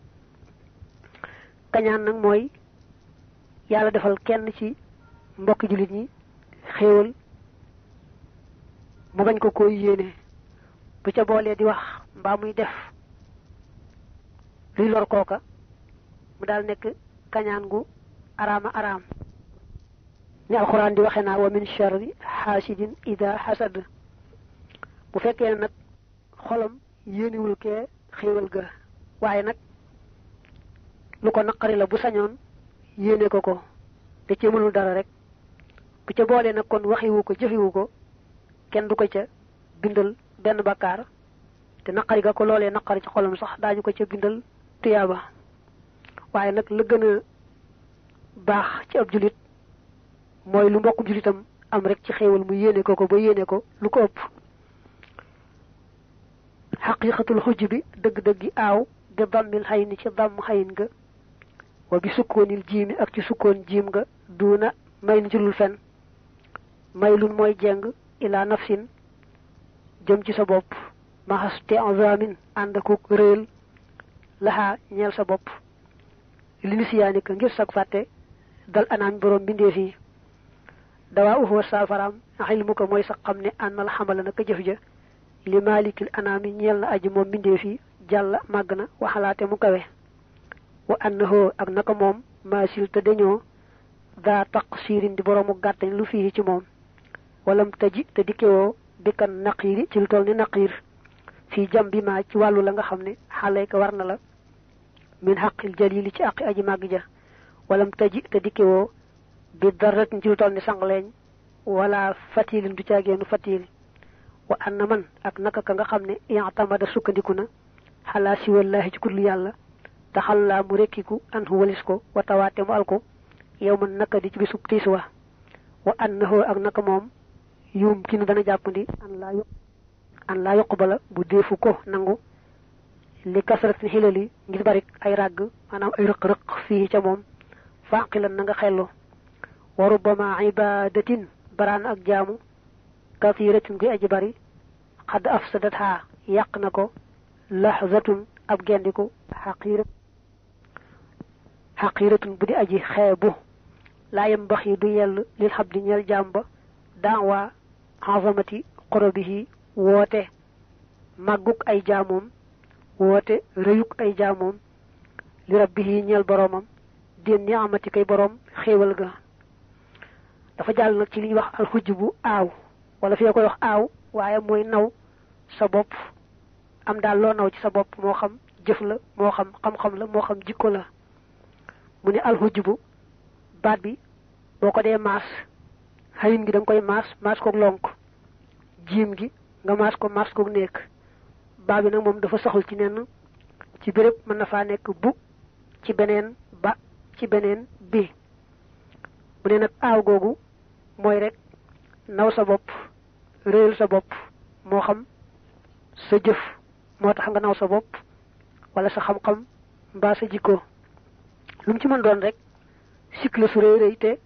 kañaan nag mooy yàlla defal kenn ci mbokki jullit ñi xéewal mu bañ ko koy yéene bu ca boolee di wax mbaa muy def luy lor kooka mu daal nekk kañaan gu araama araam ni alxuraan di waxe naa wa min sharri xaasidin ida xasad bu fekkee nag xolom yéeniwul kee xéewal ga waaye nag lu ko naqari la bu sañoon yéene ko ko te ci mënul dara rek bu ca boolee nag kon waxiwu ko jëfiwu ko kenn du ko ca bindal benn bakkaar te naqari ga ko loolee naqari ci xolom sax daañu ko ca bindal tuyaaba waaye nag la gën a baax ci ab julit mooy lu mbokkum jullitam am rek ci xéewal mu yéene ko ko ba yéene ko lu ko ëpp xaqiqatul xujj bi dëgg-dëggi aaw de dammil xayin ci damm xayin nga wa bi sukkoonil jiimi ak ci sukkoon jiim nga duuna may ni ci lul fen mooy jeng ilaa nafsin jëm ci sa bopp maxas te enzamin ànd ak réel laxaa ñeel sa bopp li nisiyaanika ngir sag fàtte dal anaan borom bindee fii dawaa uxoo saafaraam xilmu ko mooy sa xam ne ànnal xamala naka jëf ja li maalikil anaami ñeel na aji moom mbindee fi màgg na waxalaate mu kawe wa annahoo ak naka moom maasil te dañoo daa taqsiirin di boroomu gàttañ lu fii ci moom walam taji te dikkewoo bikkan naqiiri ci lu toll ni naqiir fii jam bi maa ci wàllu la nga xam ne xalay ko war na la min xaqil jalili ci àqi aji màgg ja walam taji te dikkewoo bi dara ci lu toll ni sang leeñ wala fatilin du caageenu fatil wa anna man ak naka ka nga xam ne itamada sukkandiku na xalaa si wallaahi ci kudul yàlla taxal laa mu rekkiku an hu walis ko wa tawaate mu al ko yow man naka di ci bisub tiis wa wa annahu ak naka moom yuum ki nu dana jàppandi an laa laa yokk bala bu deefu ko nangu li kasaratin xilali ngir barik ay ràgg maanaam ay rëq-rëq fii ca moom faaqilan na nga xellu wa rubbama ibadatin baraan ak jaamu kathiratin guy aji bari xadd afsadat haa yàq na ko lahzatun ab gendiku xaqiirat xaqiiratun bu di aji xeebu laa yem yi du yell lil xab di ñeel jaam ba daawaa azamati qorobihi woote màgguk ay jaamoom woote rëyuk ay jaamoom li rabbihi ñeel boroomam din ni amati kay boroom xéewal ga dafa jàll nag ci li ñuy wax alxujj bu aaw walla fi koy wax aaw waaye mooy naw sa bopp am daal loo naw ci sa bopp moo xam jëf la moo xam xam-xam la moo xam jikko la mu ne alxujj bu baat bi boo ko dee maas xayin gi da koy maas maas koog lonk jiim gi nga maas ko maas koog nekk baa bi nag moom dafa saxul ci nenn ci béréb mën na faa nekk bu ci beneen ba ci beneen bi mu ne nag aaw googu mooy rek naw sa bopp réyal sa bopp moo xam sa jëf moo tax nga naw sa bopp wala sa xam-xam mbaa sa jikko lu mu ci mën doon rek cycle su réy réy te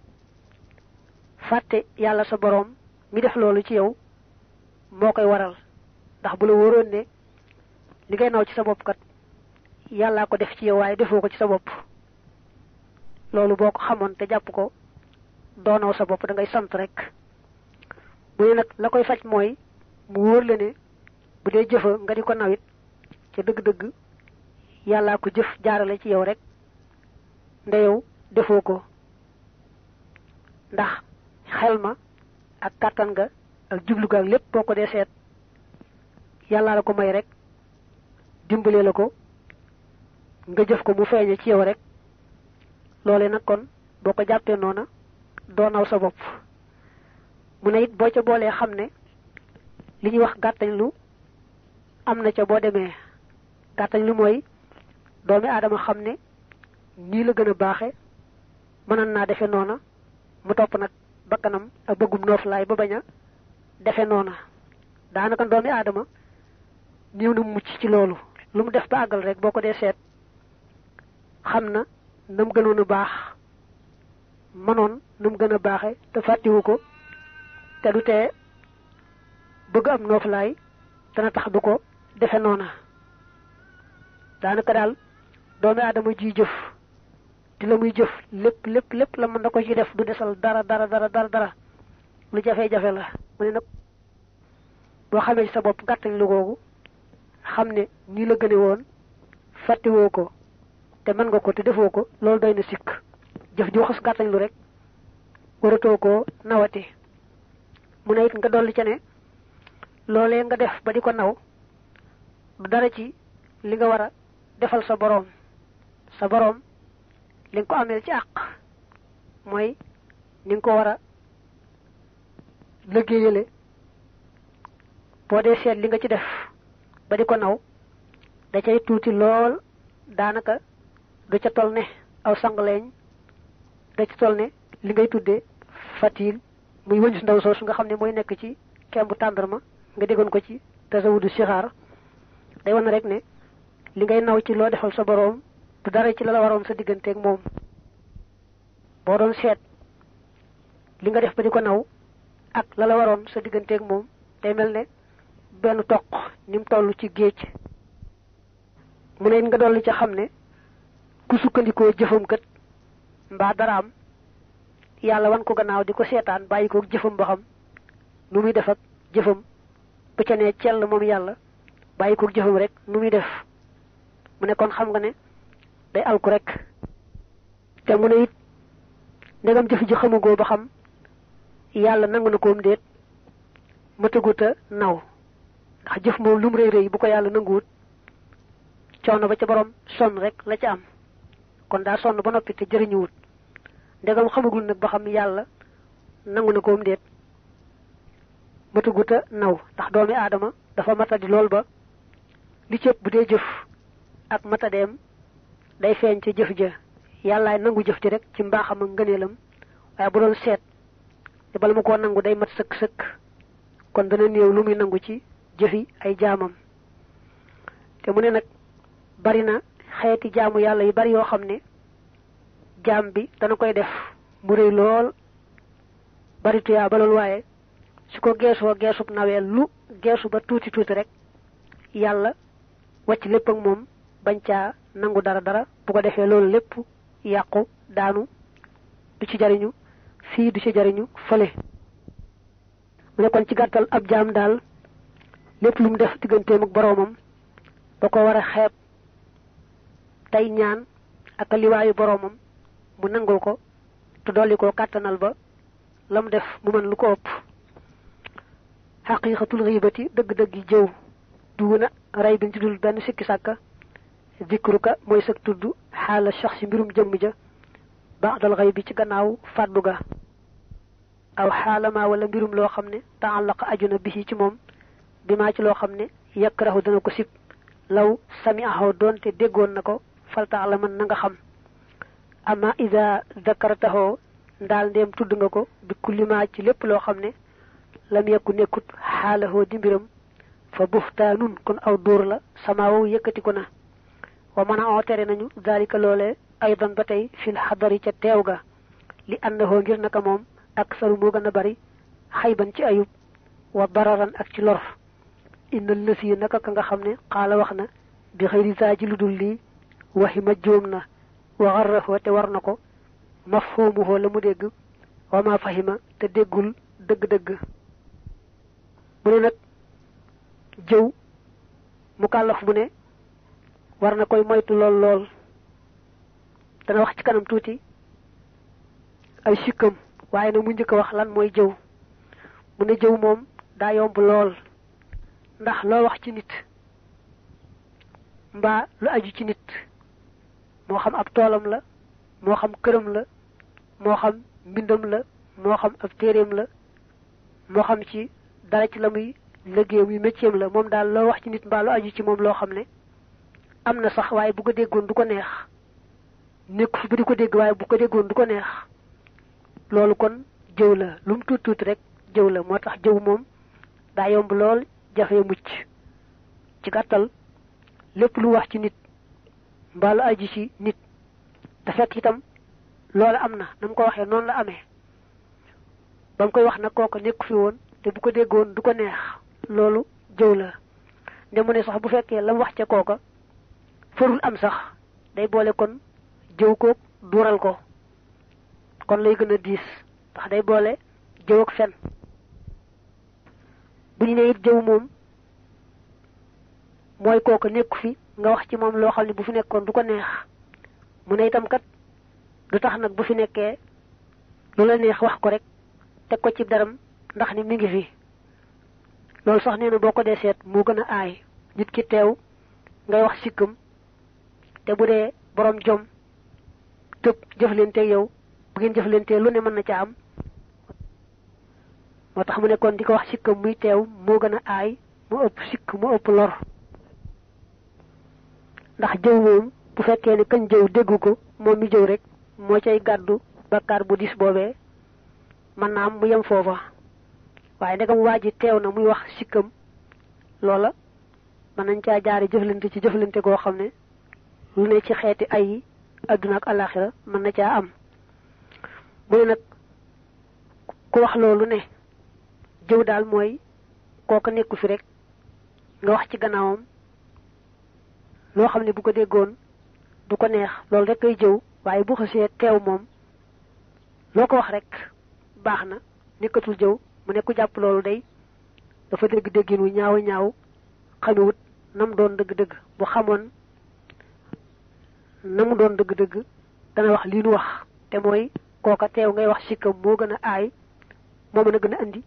fàtte yàlla sa boroom mi def loolu ci yow moo koy waral ndax bu la wóoroon ne li ngay naw ci sa bopp kat yàllaa ko def ci yow waaye defoo ko ci sa bopp loolu boo ko xamoon te jàpp ko doonoo sa bopp da ngay sant rek mu ne nag la koy faj mooy mu wóor la ne bu dee jëfa nga di ko nawit ca dëgg-dëgg yàllaa ko jëf jaarale ci yow rek nde yow defoo ko ndax xel ma ak kàttan nga ak jublu ga lépp boo ko dee seet yàllaa la ko may rek dimbalee la ko nga jëf ko mu feeñe ci yow rek loole nag kon boo ko jàppee noona doonal sa bopp mu ne it boo ca boolee xam ne li ñuy wax gàttañ lu am na ca boo demee gàttañ lu mooy doomi aadama xam ne nii la gën a baaxe mënoon naa defe noona mu topp nag bakkanam ak bëggum nooflaay ba bañ a defe noona daanaka doomi aadama néew na mucc ci loolu lu mu def ba àggal rek boo ko dee seet xam na ndam gënoon a baax mënoon nu mu gën a baaxe te fàttiwu ko te du tee bëgg am nooflaay dana tax du ko defe noona daanaka daal doomi aadama jiy jëf di la muy jëf lépp lépp lépp la mën na ko ci def du desal dara dara dara dara dara lu jafe-jafe la mu ne nag boo xamee ci sa bopp gàttañ lu googu xam ne nii la gëne woon fàttiwoo ko te mën nga ko te defoo ko loolu doy na sikk jëf ju xas gàttañ lu rek waratoo ko nawati mu ne it nga dolli ca ne loolee nga def ba di ko naw dara ci li nga war a defal sa boroom sa boroom li nga ko ameel ci àq mooy ni nga ko war a liggéeyale boo dee seet li nga ci def ba di ko naw da cay tuuti lool daanaka du ca tol ne aw sang leeñ da ci toll ne li ngay tuddee fatiin muy wëñus ndaw su nga xam ne mooy nekk ci kembu tàndarma nga déggoon ko ci te tasawudu sixaar day na rek ne li ngay naw ci loo defal sa boroom du dara ci la la waroon sa digganteeg moom boo doon seet li nga def ba di ko naw ak la la waroon sa digganteeg moom day mel ne benn toq ni mu ci géej mu ne nga dolli ca xam ne ku sukkandikoo jëfam kat mbaa dara am yàlla wan ko gannaaw di ko seetaan bàyyi ko jëfam ba xam nu muy def ak jëfam bu ca nee cell moom yàlla bàyyi ko jëfam rek nu muy def mu ne kon xam nga ne day alku rek te mu ne it ndegam jëf ji xamagoo ba xam yàlla nangu na koom déet mëtaguta naw ndax jëf moom lum rëy rëy bu ko yàlla nanguwut coono ba ca borom sonn rek la ca am kon daa sonn ba noppi te jëriñuwut ndegam xamagul nag ba xam yàlla nangu na koom déet mataguta naw ndax doomi aadama dafa matadi lool ba li cëpp bu dee jëf ak matadeem day feeñ ca jëf ja yàllaay nangu jëf ji rek ci mbaaxam ak ngëneelam waaye bu doon seet te bala ma koo nangu day mat sëkk-sëkk kon dana néew lu muy nangu ci jëfi ay jaamam te mu ne nag bari na xeeti jaamu yàlla yu bari yoo xam ne jaam bi dana koy def mu rëy lool bari tuyaa ba lool waaye su ko geesoo geesub naweel lu geesu ba tuuti tuuti rek yàlla wàcc lépp ak moom bañ caa nangu dara dara bu ko defee loolu lépp yàqu daanu du ci jariñu fii du ci jariñu fële mu ne ci gàttal ab jaam daal lépp lu mu def digganteem ak boroomam da ko war xeeb tey ñaan ak liwaayu boroomam mu nangul ko te dolli ko kàttanal ba la mu def mu mën lu ko ëpp xaqiiqatul xiibati dëgg-dëgg yi jëw duuna rey bi ci dul benn sikki sàkka zikru ka mooy tudd xaala sax mbirum jëmm ja baax ba'dal xëy bi ci gannaaw fàddu ga aw xaalama wala mbirum loo xam ne taallaqa ajuna bisi ci moom bi maa ci loo xam ne yakrahu dina ko sib law sami'ahu doonte déggoon na ko la mën na nga xam ama isa zakartaxoo ndaal ndeem tudd nga ko bi kullimaa ci lépp loo xam ne lam yekku nekkut xaalahoo di mbiram fa buxtaanun kon aw dóor la samaawow yëkkatiku na wa mën a oo nañu daalika loole aydan ba tey fil xadari ca teew ga li àndahoo ngir naka moom ak saru moo gën a bari xayban ci ayub wa bararan ak ci lor indi lësiyu naka ka nga xam ne xaala wax na bi xëyri zaa ji lu dul lii waxi ma juum na waxarrafoo te war na ko mafhoomuhoo la mu dégg wama fahima te déggul dëgg-dëgg mu ne nag jëw mu kàllaf bu ne war na koy moytu lool lool dana wax ci kanam tuuti ay sikkam waaye nag mu njëkk a wax lan mooy jëw mu ne jëw moom daa yomb lool ndax loo wax ci nit mbaa lu aju ci nit moo xam ab toolam la moo xam këram la moo xam mbindam la moo xam ab téereem la moo xam ci dara ci la muy liggéeyam yu métier la moom daal loo wax ci nit mbaa lu aju ci moom loo xam ne am na sax waaye bu ko déggoon du ko neex nekk di ko dégg waaye bu ko déggoon du ko neex loolu kon jëw la lu mu tuut tuuti rek jëw la moo tax jëw moom daa yomb lool jafe mucc ci gàttal lépp lu wax ci nit mbaa lu aju ci nit te fekk itam loola am na na ko waxee noonu la amee ba mu koy wax nag kooka nekku fi woon te bu ko déggoon du ko neex loolu jëw la nde mu ne sax bu fekkee la mu wax ca kooka farul am sax day boole kon jëw koog duural ko kon lay gën a diis ndax day boole jëw ak fen bu ñu ne jëw moom mooy kooka nekku fi nga wax ci moom loo xam ne bu fi nekkoon du ko neex mu ne itam kat du tax nag bu fi nekkee lu la neex wax ko rek teg ko ci daram ndax ni mi ngi fi loolu sax nee na boo ko dee seet moo gën a aay nit ki teew ngay wax sikkam te bu dee boroom jom tëb jëflante yow bu ngeen jëflante lu ne mën na ca am moo tax mu nekkoon di ko wax sikkam muy teew moo gën a aay mu ëpp sikk mu ëpp lor ndax jëw moom bu fekkee ne kañ jëw déggu ko moom mi jëw rek moo cay gàddu bakkaar bu dis boobee mën na am mu yem foofa waaye ndegam waa ji teew na muy wax sikkam loola mën nañ caa jaare jëflante ci jëflante goo xam ne lu ne ci xeeti ay yi ak alaxira mën na caa am mu ne nag ku wax loolu ne jëw daal mooy kooka nekku fi rek nga wax ci gannaawam loo xam ne bu ko déggoon du ko neex loolu rek kay jëw waaye bu xasee teew moom loo ko wax rek baax na nekkatul jëw mu ne ku jàpp loolu day dafa dégg déggin wu ñaaw ñaaw xamewut nam doon dëgg-dëgg bu xamoon na doon dëgg-dëgg dana wax lii nu wax te mooy kooka teew ngay wax sikkam moo gën a aay moo mën a gën a indi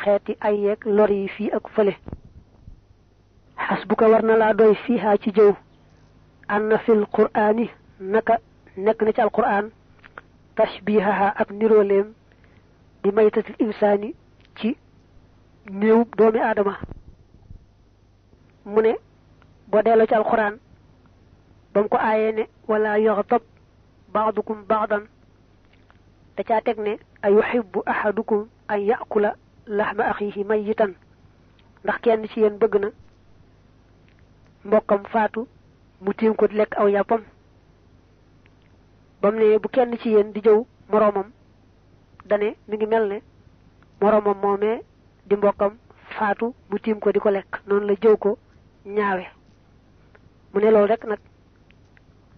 xeeti ay yeeg lor yi fii ak fële xas ko war na laa doy fiihaa ci jëw anna fil quraani naka nekk na ci alquran tashbihaha ak nirooleem bi maytatil insaani ci néewub doomi aadama mu ne boo delloo ci alquran ba mu ko aayee ne wala yaxtab baadukum baadan da caa teg ne a yuhibbu ahadukum an yakula lahma axihi mayitan ndax kenn ci yéen bëgg na mbokkam faatu mu tiim ko di lekk aw yàppam bam ne bu kenn ci yéen di jëw moroomam dane mi ngi mel ne moroomam moomee di mbokkam faatu mu tiim ko di ko lekk noonu la jëw ko ñaawe mu ne loolu nag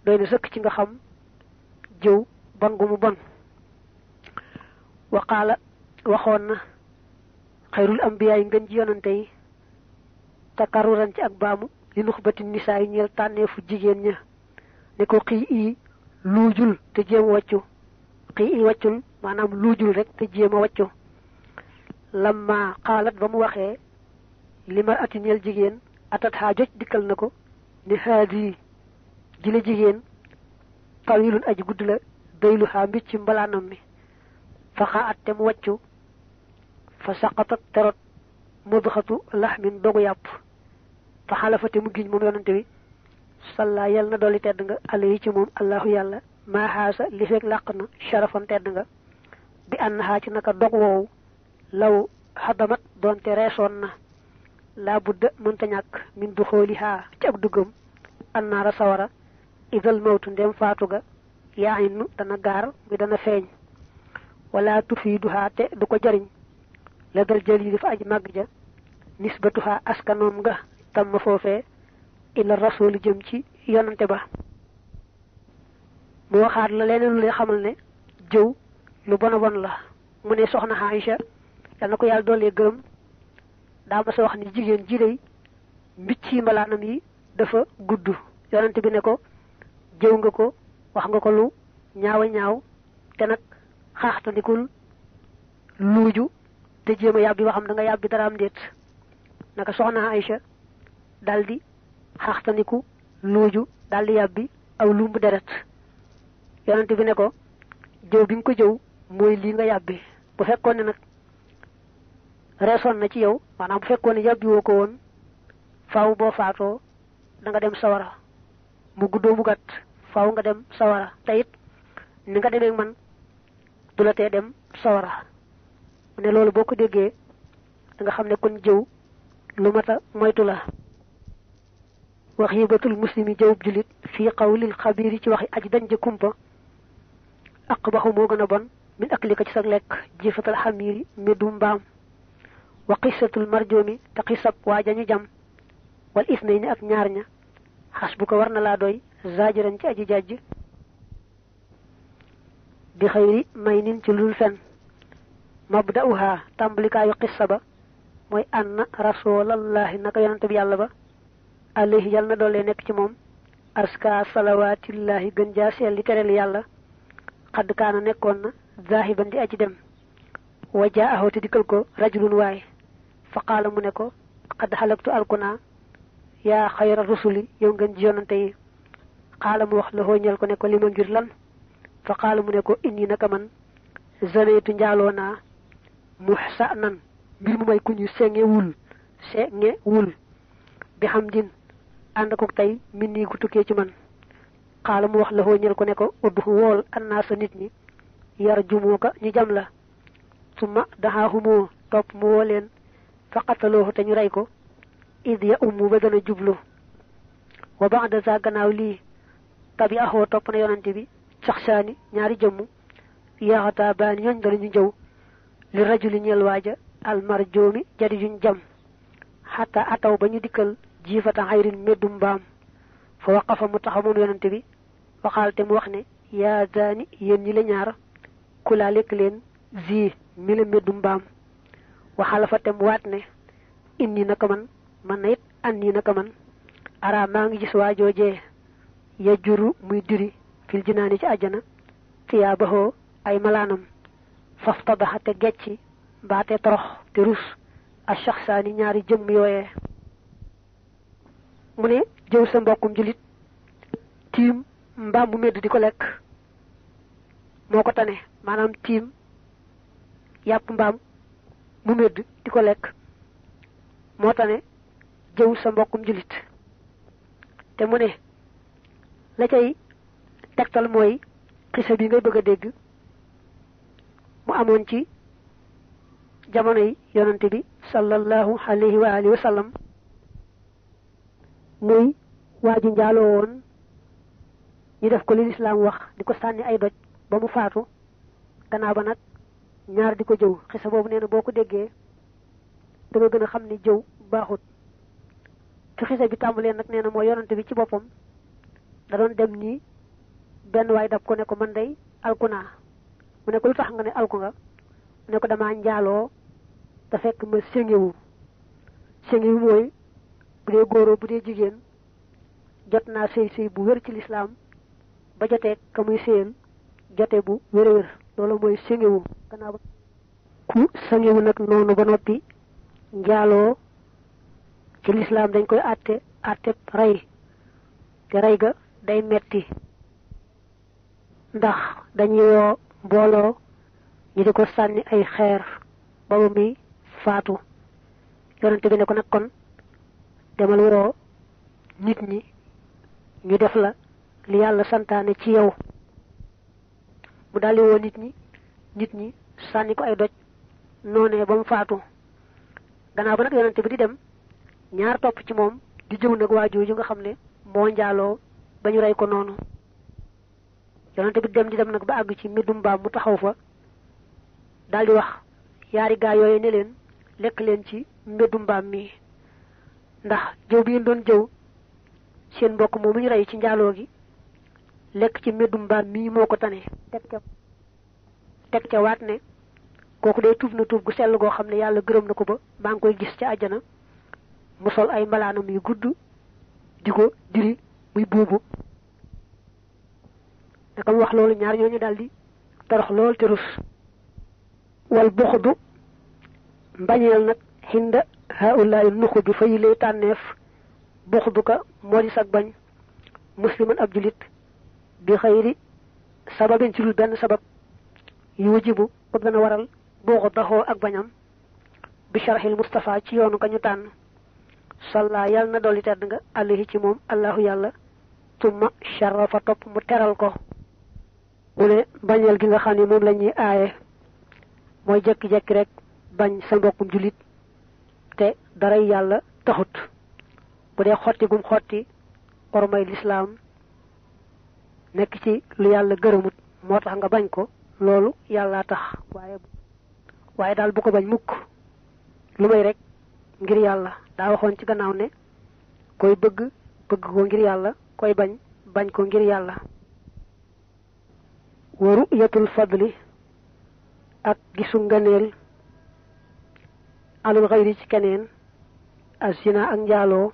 doy na sëkk ci nga xam jëw bon gu mu bon waqaala waxoon na xayrul ambiyaay ngën ji yonante yi takaruran ci ak baamu li nuxbati nisaa yi ñeel tànneefu jigéen ña ne ko xii ii luujul te jéem a wàccu xii ii wàccul maanaam luujul rek te jéem a wàccu lamma ba mu waxee li ma ati ñeel jigéen atat xaa joj dikkal na ko ni haadi jile jigéen tawilun aji gudd la daylu xaa mbit ci mbalaanam mi fa xaa at te mu wàccu fa saqatat terot mudxatu laxmin dogu yàpp fa xalafate mu giñ moom yonante bi salla yal na dolli tedd nga allahu yàlla maaxaasa li feeg làq na sharafan tedd nga bi ànd xaa ci naka dog woowu law xadamat doonte reesoon na laa budda mënta ñàkk min du xooli xaa ci ak duggam annaara sawara idal mawtu ndem faatu ga yaa nu dana gaar bi dana feeñ wala tufiidu xaa te du ko jariñ la dal jël yi dafa aj màgg ja nisbatu xaa askanoom nga tàmm foofee ila rasul jëm ci yonante ba mu waxaat la leneen lu lay xamal ne jëw lu bona bon la mu ne soxna Aïcha yal na ko yàlla doolee gërëm daa ma sa wax ni jigéen ji day mbicc yi mbalaanam yi dafa gudd yonante bi ne ko jëw nga ko wax nga ko lu ñaawa ñaaw te nag xaaxtandikul luuju te jéem a yàbbi waxam da nga yàbbi daraam déet naka soxna Aïcha daldi xaxtaniku looju daldi yàbbi aw lumbu deret yonent bi ne ko jëw bi nga ko jëw mooy lii nga yàbbi bu fekkoon ne nag reesoon na ci yow maanaam bu fekkoon ne yàbbi ko woon faw boo faatoo danga dem sawara mu guddoo mu gàtt faaw nga dem sawara te ni nga demee man du la tee dem sawara mu ne loolu boo ko déggee danga xam ne kon jëw lu mat moytu la wa xiibatul muslimi jawub julit fii qawlil xabiir ci wax aji dañ ja kumpa aqbaxu moo gën a bon min ak li ko ci sa lekk jiifatal xamiiri meddu mbaam wa qisatul marjoomi te xisab waa jañu jam wal isnayni ak ñaar ña xas bu ko war na laa doy zaajiran ci aji jàjj bi xëyri may nin ci lul fen mabda'uha tàmbalikaayu xissa ba mooy anna rasulallahi naka yonante bi yàlla ba alayhi yàlla na doole nekk ci moom aska salawaatillahi gën jaa seel li tereel yàlla xadd kaana nekkoon na zaahiban di aji dem wa jaa te dikkal ko rajulun waay fa qaala mu ne ko xadd xalaktu alkuna yaa xayra rusuli yow ngeen ji yonante yi xaala wax la hooñal ko ne ko li ma ngir lan fa xaala mu ne ko inni naka man zaneetu njaaloo naa muxsa nan mbir mu may ku ñu senge wul senge wul bi xam din ànd ko tey min nii gu tukkee ci man xaala mu wax la ñel ko ne ko udd wool sa nit ñi yar jumoo ka ñu jam la summa daxaa humoo topp mu woo leen fa xattaloohu te ñu rey ko id ya ummu ba gën a jublu wa ba'da za gannaaw lii tabi axoo topp na yonante bi saxsaani ñaari jëmm yaxataa baani ñooñ danañu jëw li rajuli ñeel waaja almarjoomi jadi juñ jam xataa ataw ba ñu dikkal jiifata xayrin meddum mbaam fa waqafa mu taxaw moom yonante bi waxaal te mu wax ne yaa daani yéen ñi la ñaar kulaa lekk leen zi mi la meddum mbaam waxaala fa te mu waat ne inni naka man man na it anni naka man ara maa ngi gis waa joojee ya muy diri fil jinaani ci àjjana tiyaabahoo ay malaanam faf tabaxa te gecci mbaate torox te rus a shaxsaani ñaari jëmm yooyee mu ne jëw sa mbokkum julit tiim mbaam mu medd di ko lekk moo ko tane maanaam tiim yàpp mbaam mu medd di ko lekk moo tane jëw sa mbokkum julit te mu ne la cay tegtal mooy xisa bi ngay bëgg a dégg mu amoon ci jamono yi yonante bi sallallahu alayhi wa alihi wa sallam nuy waa ji njaaloo woon ñu def ko li lislaam wax di ko sànni ay doj ba mu faatu gannaaw ba nag ñaar di ko jëw xisa boobu nee na boo ko déggee dama gën a xam ni jëw baaxut fi xisa bi tàmbalee nag nee na moo yonante bi ci boppam da doon dem nii benn waay dab ko ne ko man day alku mu ne ko lu tax nga ne alku nga mu ne ko damaa njaaloo te fekk ma séngewu séngewu mooy bu dee góoroo bu dee jigéen jot naa sëy sëy bu wér ci lislaam ba jotee ka muy sëyal jote bu wér wér loolu mooy sëngewu ku sëngewu nag noonu ba noppi njaaloo ci lislaam dañ koy àtte àtteb rey te rey ga day metti ndax dañuy woo mbooloo ñu di ko sànni ay xeer ba mu muy faatu yonente bi ne ko nag kon demal waroo nit ñi ñu def la li yàlla santaane ci yow bu daldi woo nit ñi nit ñi sànni ko ay doj noonee ba mu faatu gannaaw ba nag yonante bi di dem ñaar topp ci moom di jëw nag waa jooju nga xam ne moo njaaloo ba ñu rey ko noonu yonante bi dem di dem nag ba àgg ci mbindum mbaam mu taxaw fa daldi wax yaari gaa yooyu ne leen lekk leen ci mbindum mbaam mi ndax jëw bi ngeen doon jëw seen mbokk moom ñu rey ci njaaloo gi lekk ci meddum mbaam mii moo ko tane teg ca waat ne kooku dee tuub na tuub gu sell goo xam ne yàlla gërëm na ko ba maa ngi koy gis ca àjjana mu sol ay mbalaanam yu gudd di ko diri muy buubu naka mu wax loolu ñaar ñooñu daal di torox lool te rus wal buxdu mbañeel nag xinda haulaay nuxuju fa yi lay tànneef buxduka moo di sag bañ musliman ab julit bi xayri sababin ci dul benn sabab yu wajibu ko dana waral buxdaxoo ak bañam bi sharxil Mustafa ci yoonu ka ñu tànn salla yàlla na dolli tedd nga alayhi ci moom allahu yàlla tumma sharafa topp mu teral ko mu ne bañeel gi nga xam ne moom lañuy ñuy aaye mooy jekki-jekki rek bañ sa mbokkum julit daray yàlla taxut bu dee xotti gum xotti ormay lislaam nekk ci lu yàlla gërëmut moo tax nga bañ ko loolu yàllaa tax waaye waaye daal bu ko bañ mukk lu may rek ngir yàlla daa waxoon ci gannaaw ne koy bëgg bëgg ko ngir yàlla koy bañ bañ ko ngir yàlla wa ru'yatul fadli ak gisu ngëneel alul xayri ci keneen alsina ak njaaloo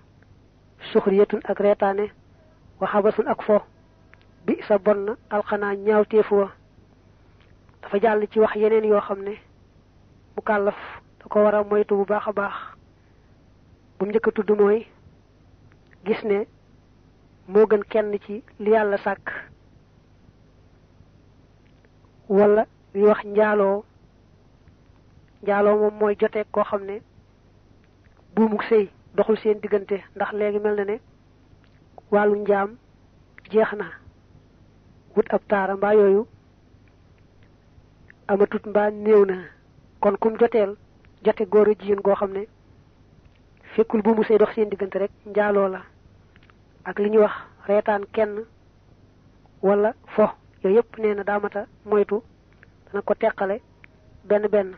suxriyatun ak reetaane waxabasun ak fo bi sa bon alxanaa ñaawteefu wa dafa jàll ci wax yeneen yoo xam ne bu kàllaf da ko war moytu bu baax a baax bu njëkk a tudd mooy gis ne moo gën kenn ci li yàlla sàkk wala wi wax njaaloo njaaloo moom mooy joteeg koo xam ne buumuk sëy doxul seen diggante ndax léegi mel na ne wàllu njaam jeex na wut ab taara mbaa yooyu amatut mbaa néew na kon kum joteel jote góor a jigéen goo xam ne fekkul buumu sëy dox seen diggante rek njaaloo la ak li ñuy wax reetaan kenn walla fo yooyu yëpp nee na daamata moytu dana ko teqale benn benn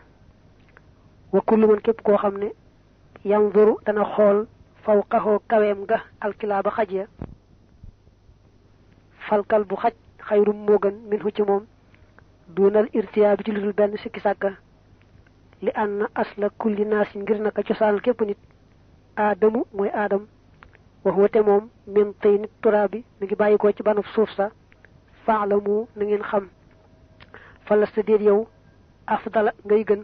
wa kullu man képp koo xam ne yanzuru dana xool fawqahu kaweem ga alkilaaba xaj ya falkal bu xaj xayrum moo gën minhu ci moom duunal irtiyaa bi ci ludul benn sikki sàkka li ànd asla kulli naas ngir naka cosaanal képp nit aadamu mooy aadam wax wate moom min tey nit turaa bi mi ngi bàyyi ko ci banub suuf sa faalamu na ngeen xam falasta déet yow afdala ngay gën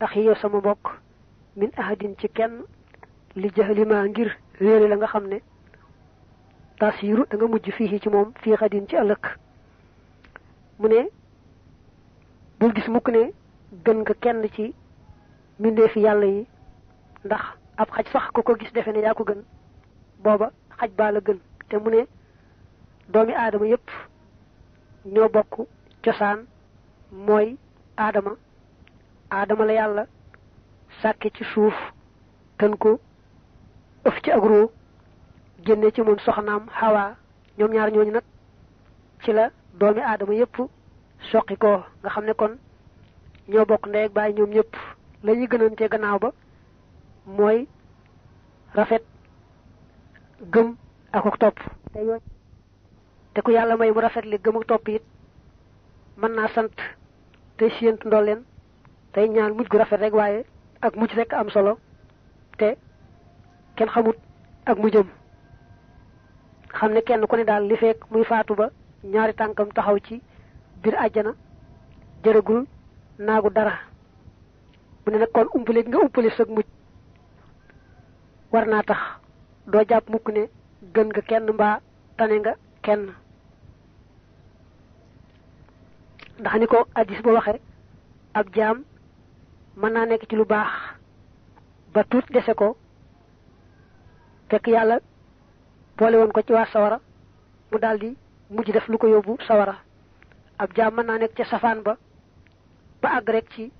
ax yow sama mbokk min ahadin ci kenn li jaxlima ngir réere la nga xam ne tasiru da nga mujj fii ci moom fii xadin ci ëllëg mu ne bul gis mukk ne gën nga kenn ci mbindeefi yàlla yi ndax ab xaj sax ku ko gis defe ne yaa ko gën booba xaj baa la gën te mu ne doomi aadama yépp ñoo bokk cosaan mooy aadama aadama la yàlla sàkke ci suuf tan ko ëf ci agro génne ci moom soxnaam xawaa ñoom ñaar ñooñu nag ci la doomi aadama yépp soqi ko nga xam ne kon ñoo bokk ndey ak bàyyi ñoom ñëpp la ñuy gënante gannaaw ba mooy rafet gëm ak ak topp te ku yàlla may mu rafet li gëm ak topp it mën naa sant tey séentu ndolleen tey ñaan mujj gu rafet rek waaye ak mu ci nekk am solo te kenn xamut ak mu jëm xam ne kenn ku ne daal li fekk muy faatu ba ñaari tànkam taxaw ci biir àjjana jërëgul naagu dara mu ne nag kon umpale nga umpale sag mujj war naa tax doo jàpp mukk ne gën nga kenn mbaa tane nga kenn ndax ni ko addis ba waxe ab jaam mën naa nekk ci lu baax ba tuuti dese ko fekk yàlla boole woon ko ci waa sawara mu daldi mujj def lu ko yóbbu sawara ab jaam mën naa nekk ca safaan ba ba àgg rek ci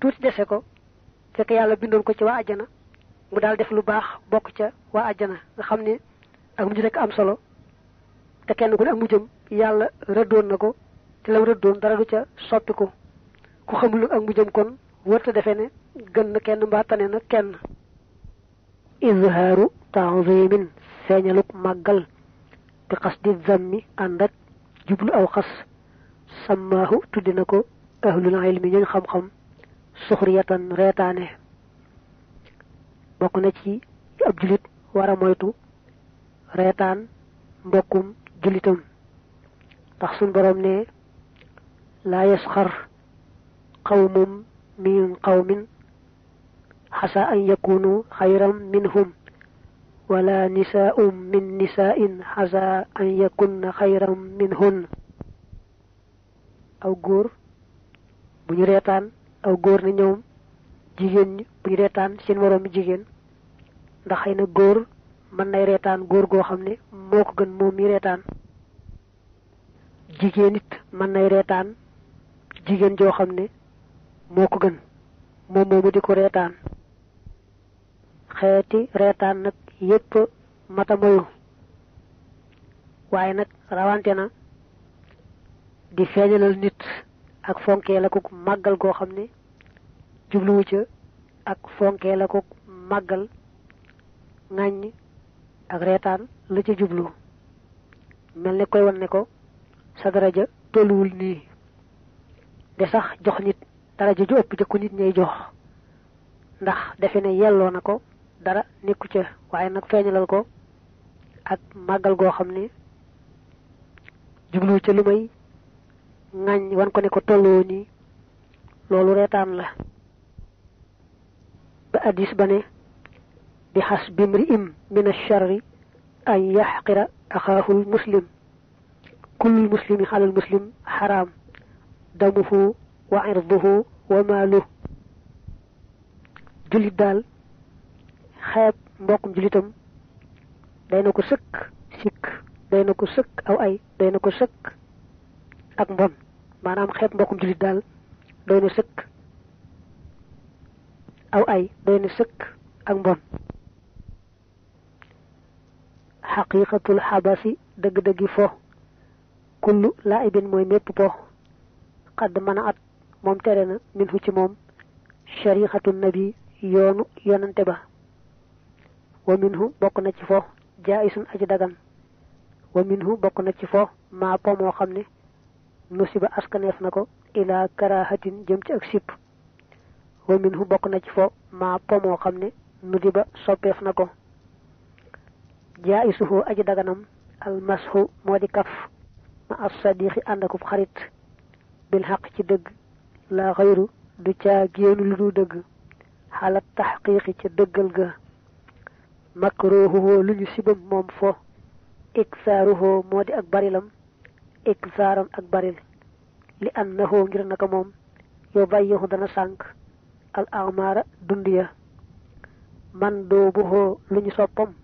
tuuti dese ko fekk yàlla bindoon ko ci waa àjjana mu daal def lu baax bokk ca waa àjjana nga xam ne ak mujj rek am solo te kenn ku ne ak mujjam yàlla rëddoon na ko te lam rëddoon dara du ca ko ku xamul ak mujjam kon wërta defe ne gën na kenn mbaa tane na kenn izhaaru ta'zimin feeñaluk màggal bi xasdi zammi ànd ak jublu aw xas sammaahu tuddi na ko ahlul ilmi ñooñ xam-xam suxriyatan reetaane bokk na ci ab moytu reetaan mbokkum julitam ndax suñ borom ne laa yasxar xawmum min qawmin xasa an yakunu xayran minhum wala nisaa'um min nisaa'in xasa an yakunna xayran minhun aw góor bu ñu reetaan aw góor ne ñoom jigéen ñi bu reetaan seen moroomi jigéen ndax xëy na góor mën nay reetaan góor goo xam ne moo ko gën moom mi reetaan jigéen it nay reetaan jigéen joo xam ne moo ko gën moom moomu di ko reetaan xeeti reetaan nag yépp mata moyu waaye nag rawante na di feeñalal nit ak fonkee la ko màggal goo xam ne jubluwu ca ak fonkee la ko màggal ŋàññ ak reetaan la ca jublu mel ne koy wan ne ko sa daraja tolluwul nii de sax jox nit daraja ju ëpp jëkku nit ñay jox ndax defe ne yelloo na ko dara nekku ca waaye nag feeñalal ko ak màggal goo xam ne jublu ca lu may ŋañ wan ko ne ko tolloo nii loolu reetaan la ba addis ba ne bi xas bimri im min acharri an yaxqira axaahul muslim kullul muslimi xalal muslim xaraam damuhu waa irduhu wa maaluhu jullit daal xeeb mbokkum jullitam day na ko sëkk sikk day na ko sëkk aw ay day na ko sëkk ak mbon maanaam xeeb mbokkum jullit daal doy na sëkk aw ay doy na sëkk ak mbon xaqiqatul xabasi dëgg-dëggi kullu laa ibin mooy mépp po xadd mën moom tere na min fu ci moom sharixatu nabi yoonu yonante ba wa minhu bokk na ci fo jaayisun aji dagan wa minhu bokk na ci fo ma po moo xam ne nusiba askaneef na ko ilaa jëm ak sipp bokk na ci fo maa po xam ne nudiba soppeef na ko jaayisuhu aji daganam almasxu moo di kaf ma as sadiqi xarit bil xaq ci dëgg laa xayru du caa génn lu du dëgg xalaat taxqiiqi ca dëggal ga makruuhu lu ñu sibam moom fo iksaaruhu moo di ak barilam iksaaram ak baril li annahu ngir naka moom yow bàyyeexu dana sànq al amaara dund ya man doobuhu lu ñu soppam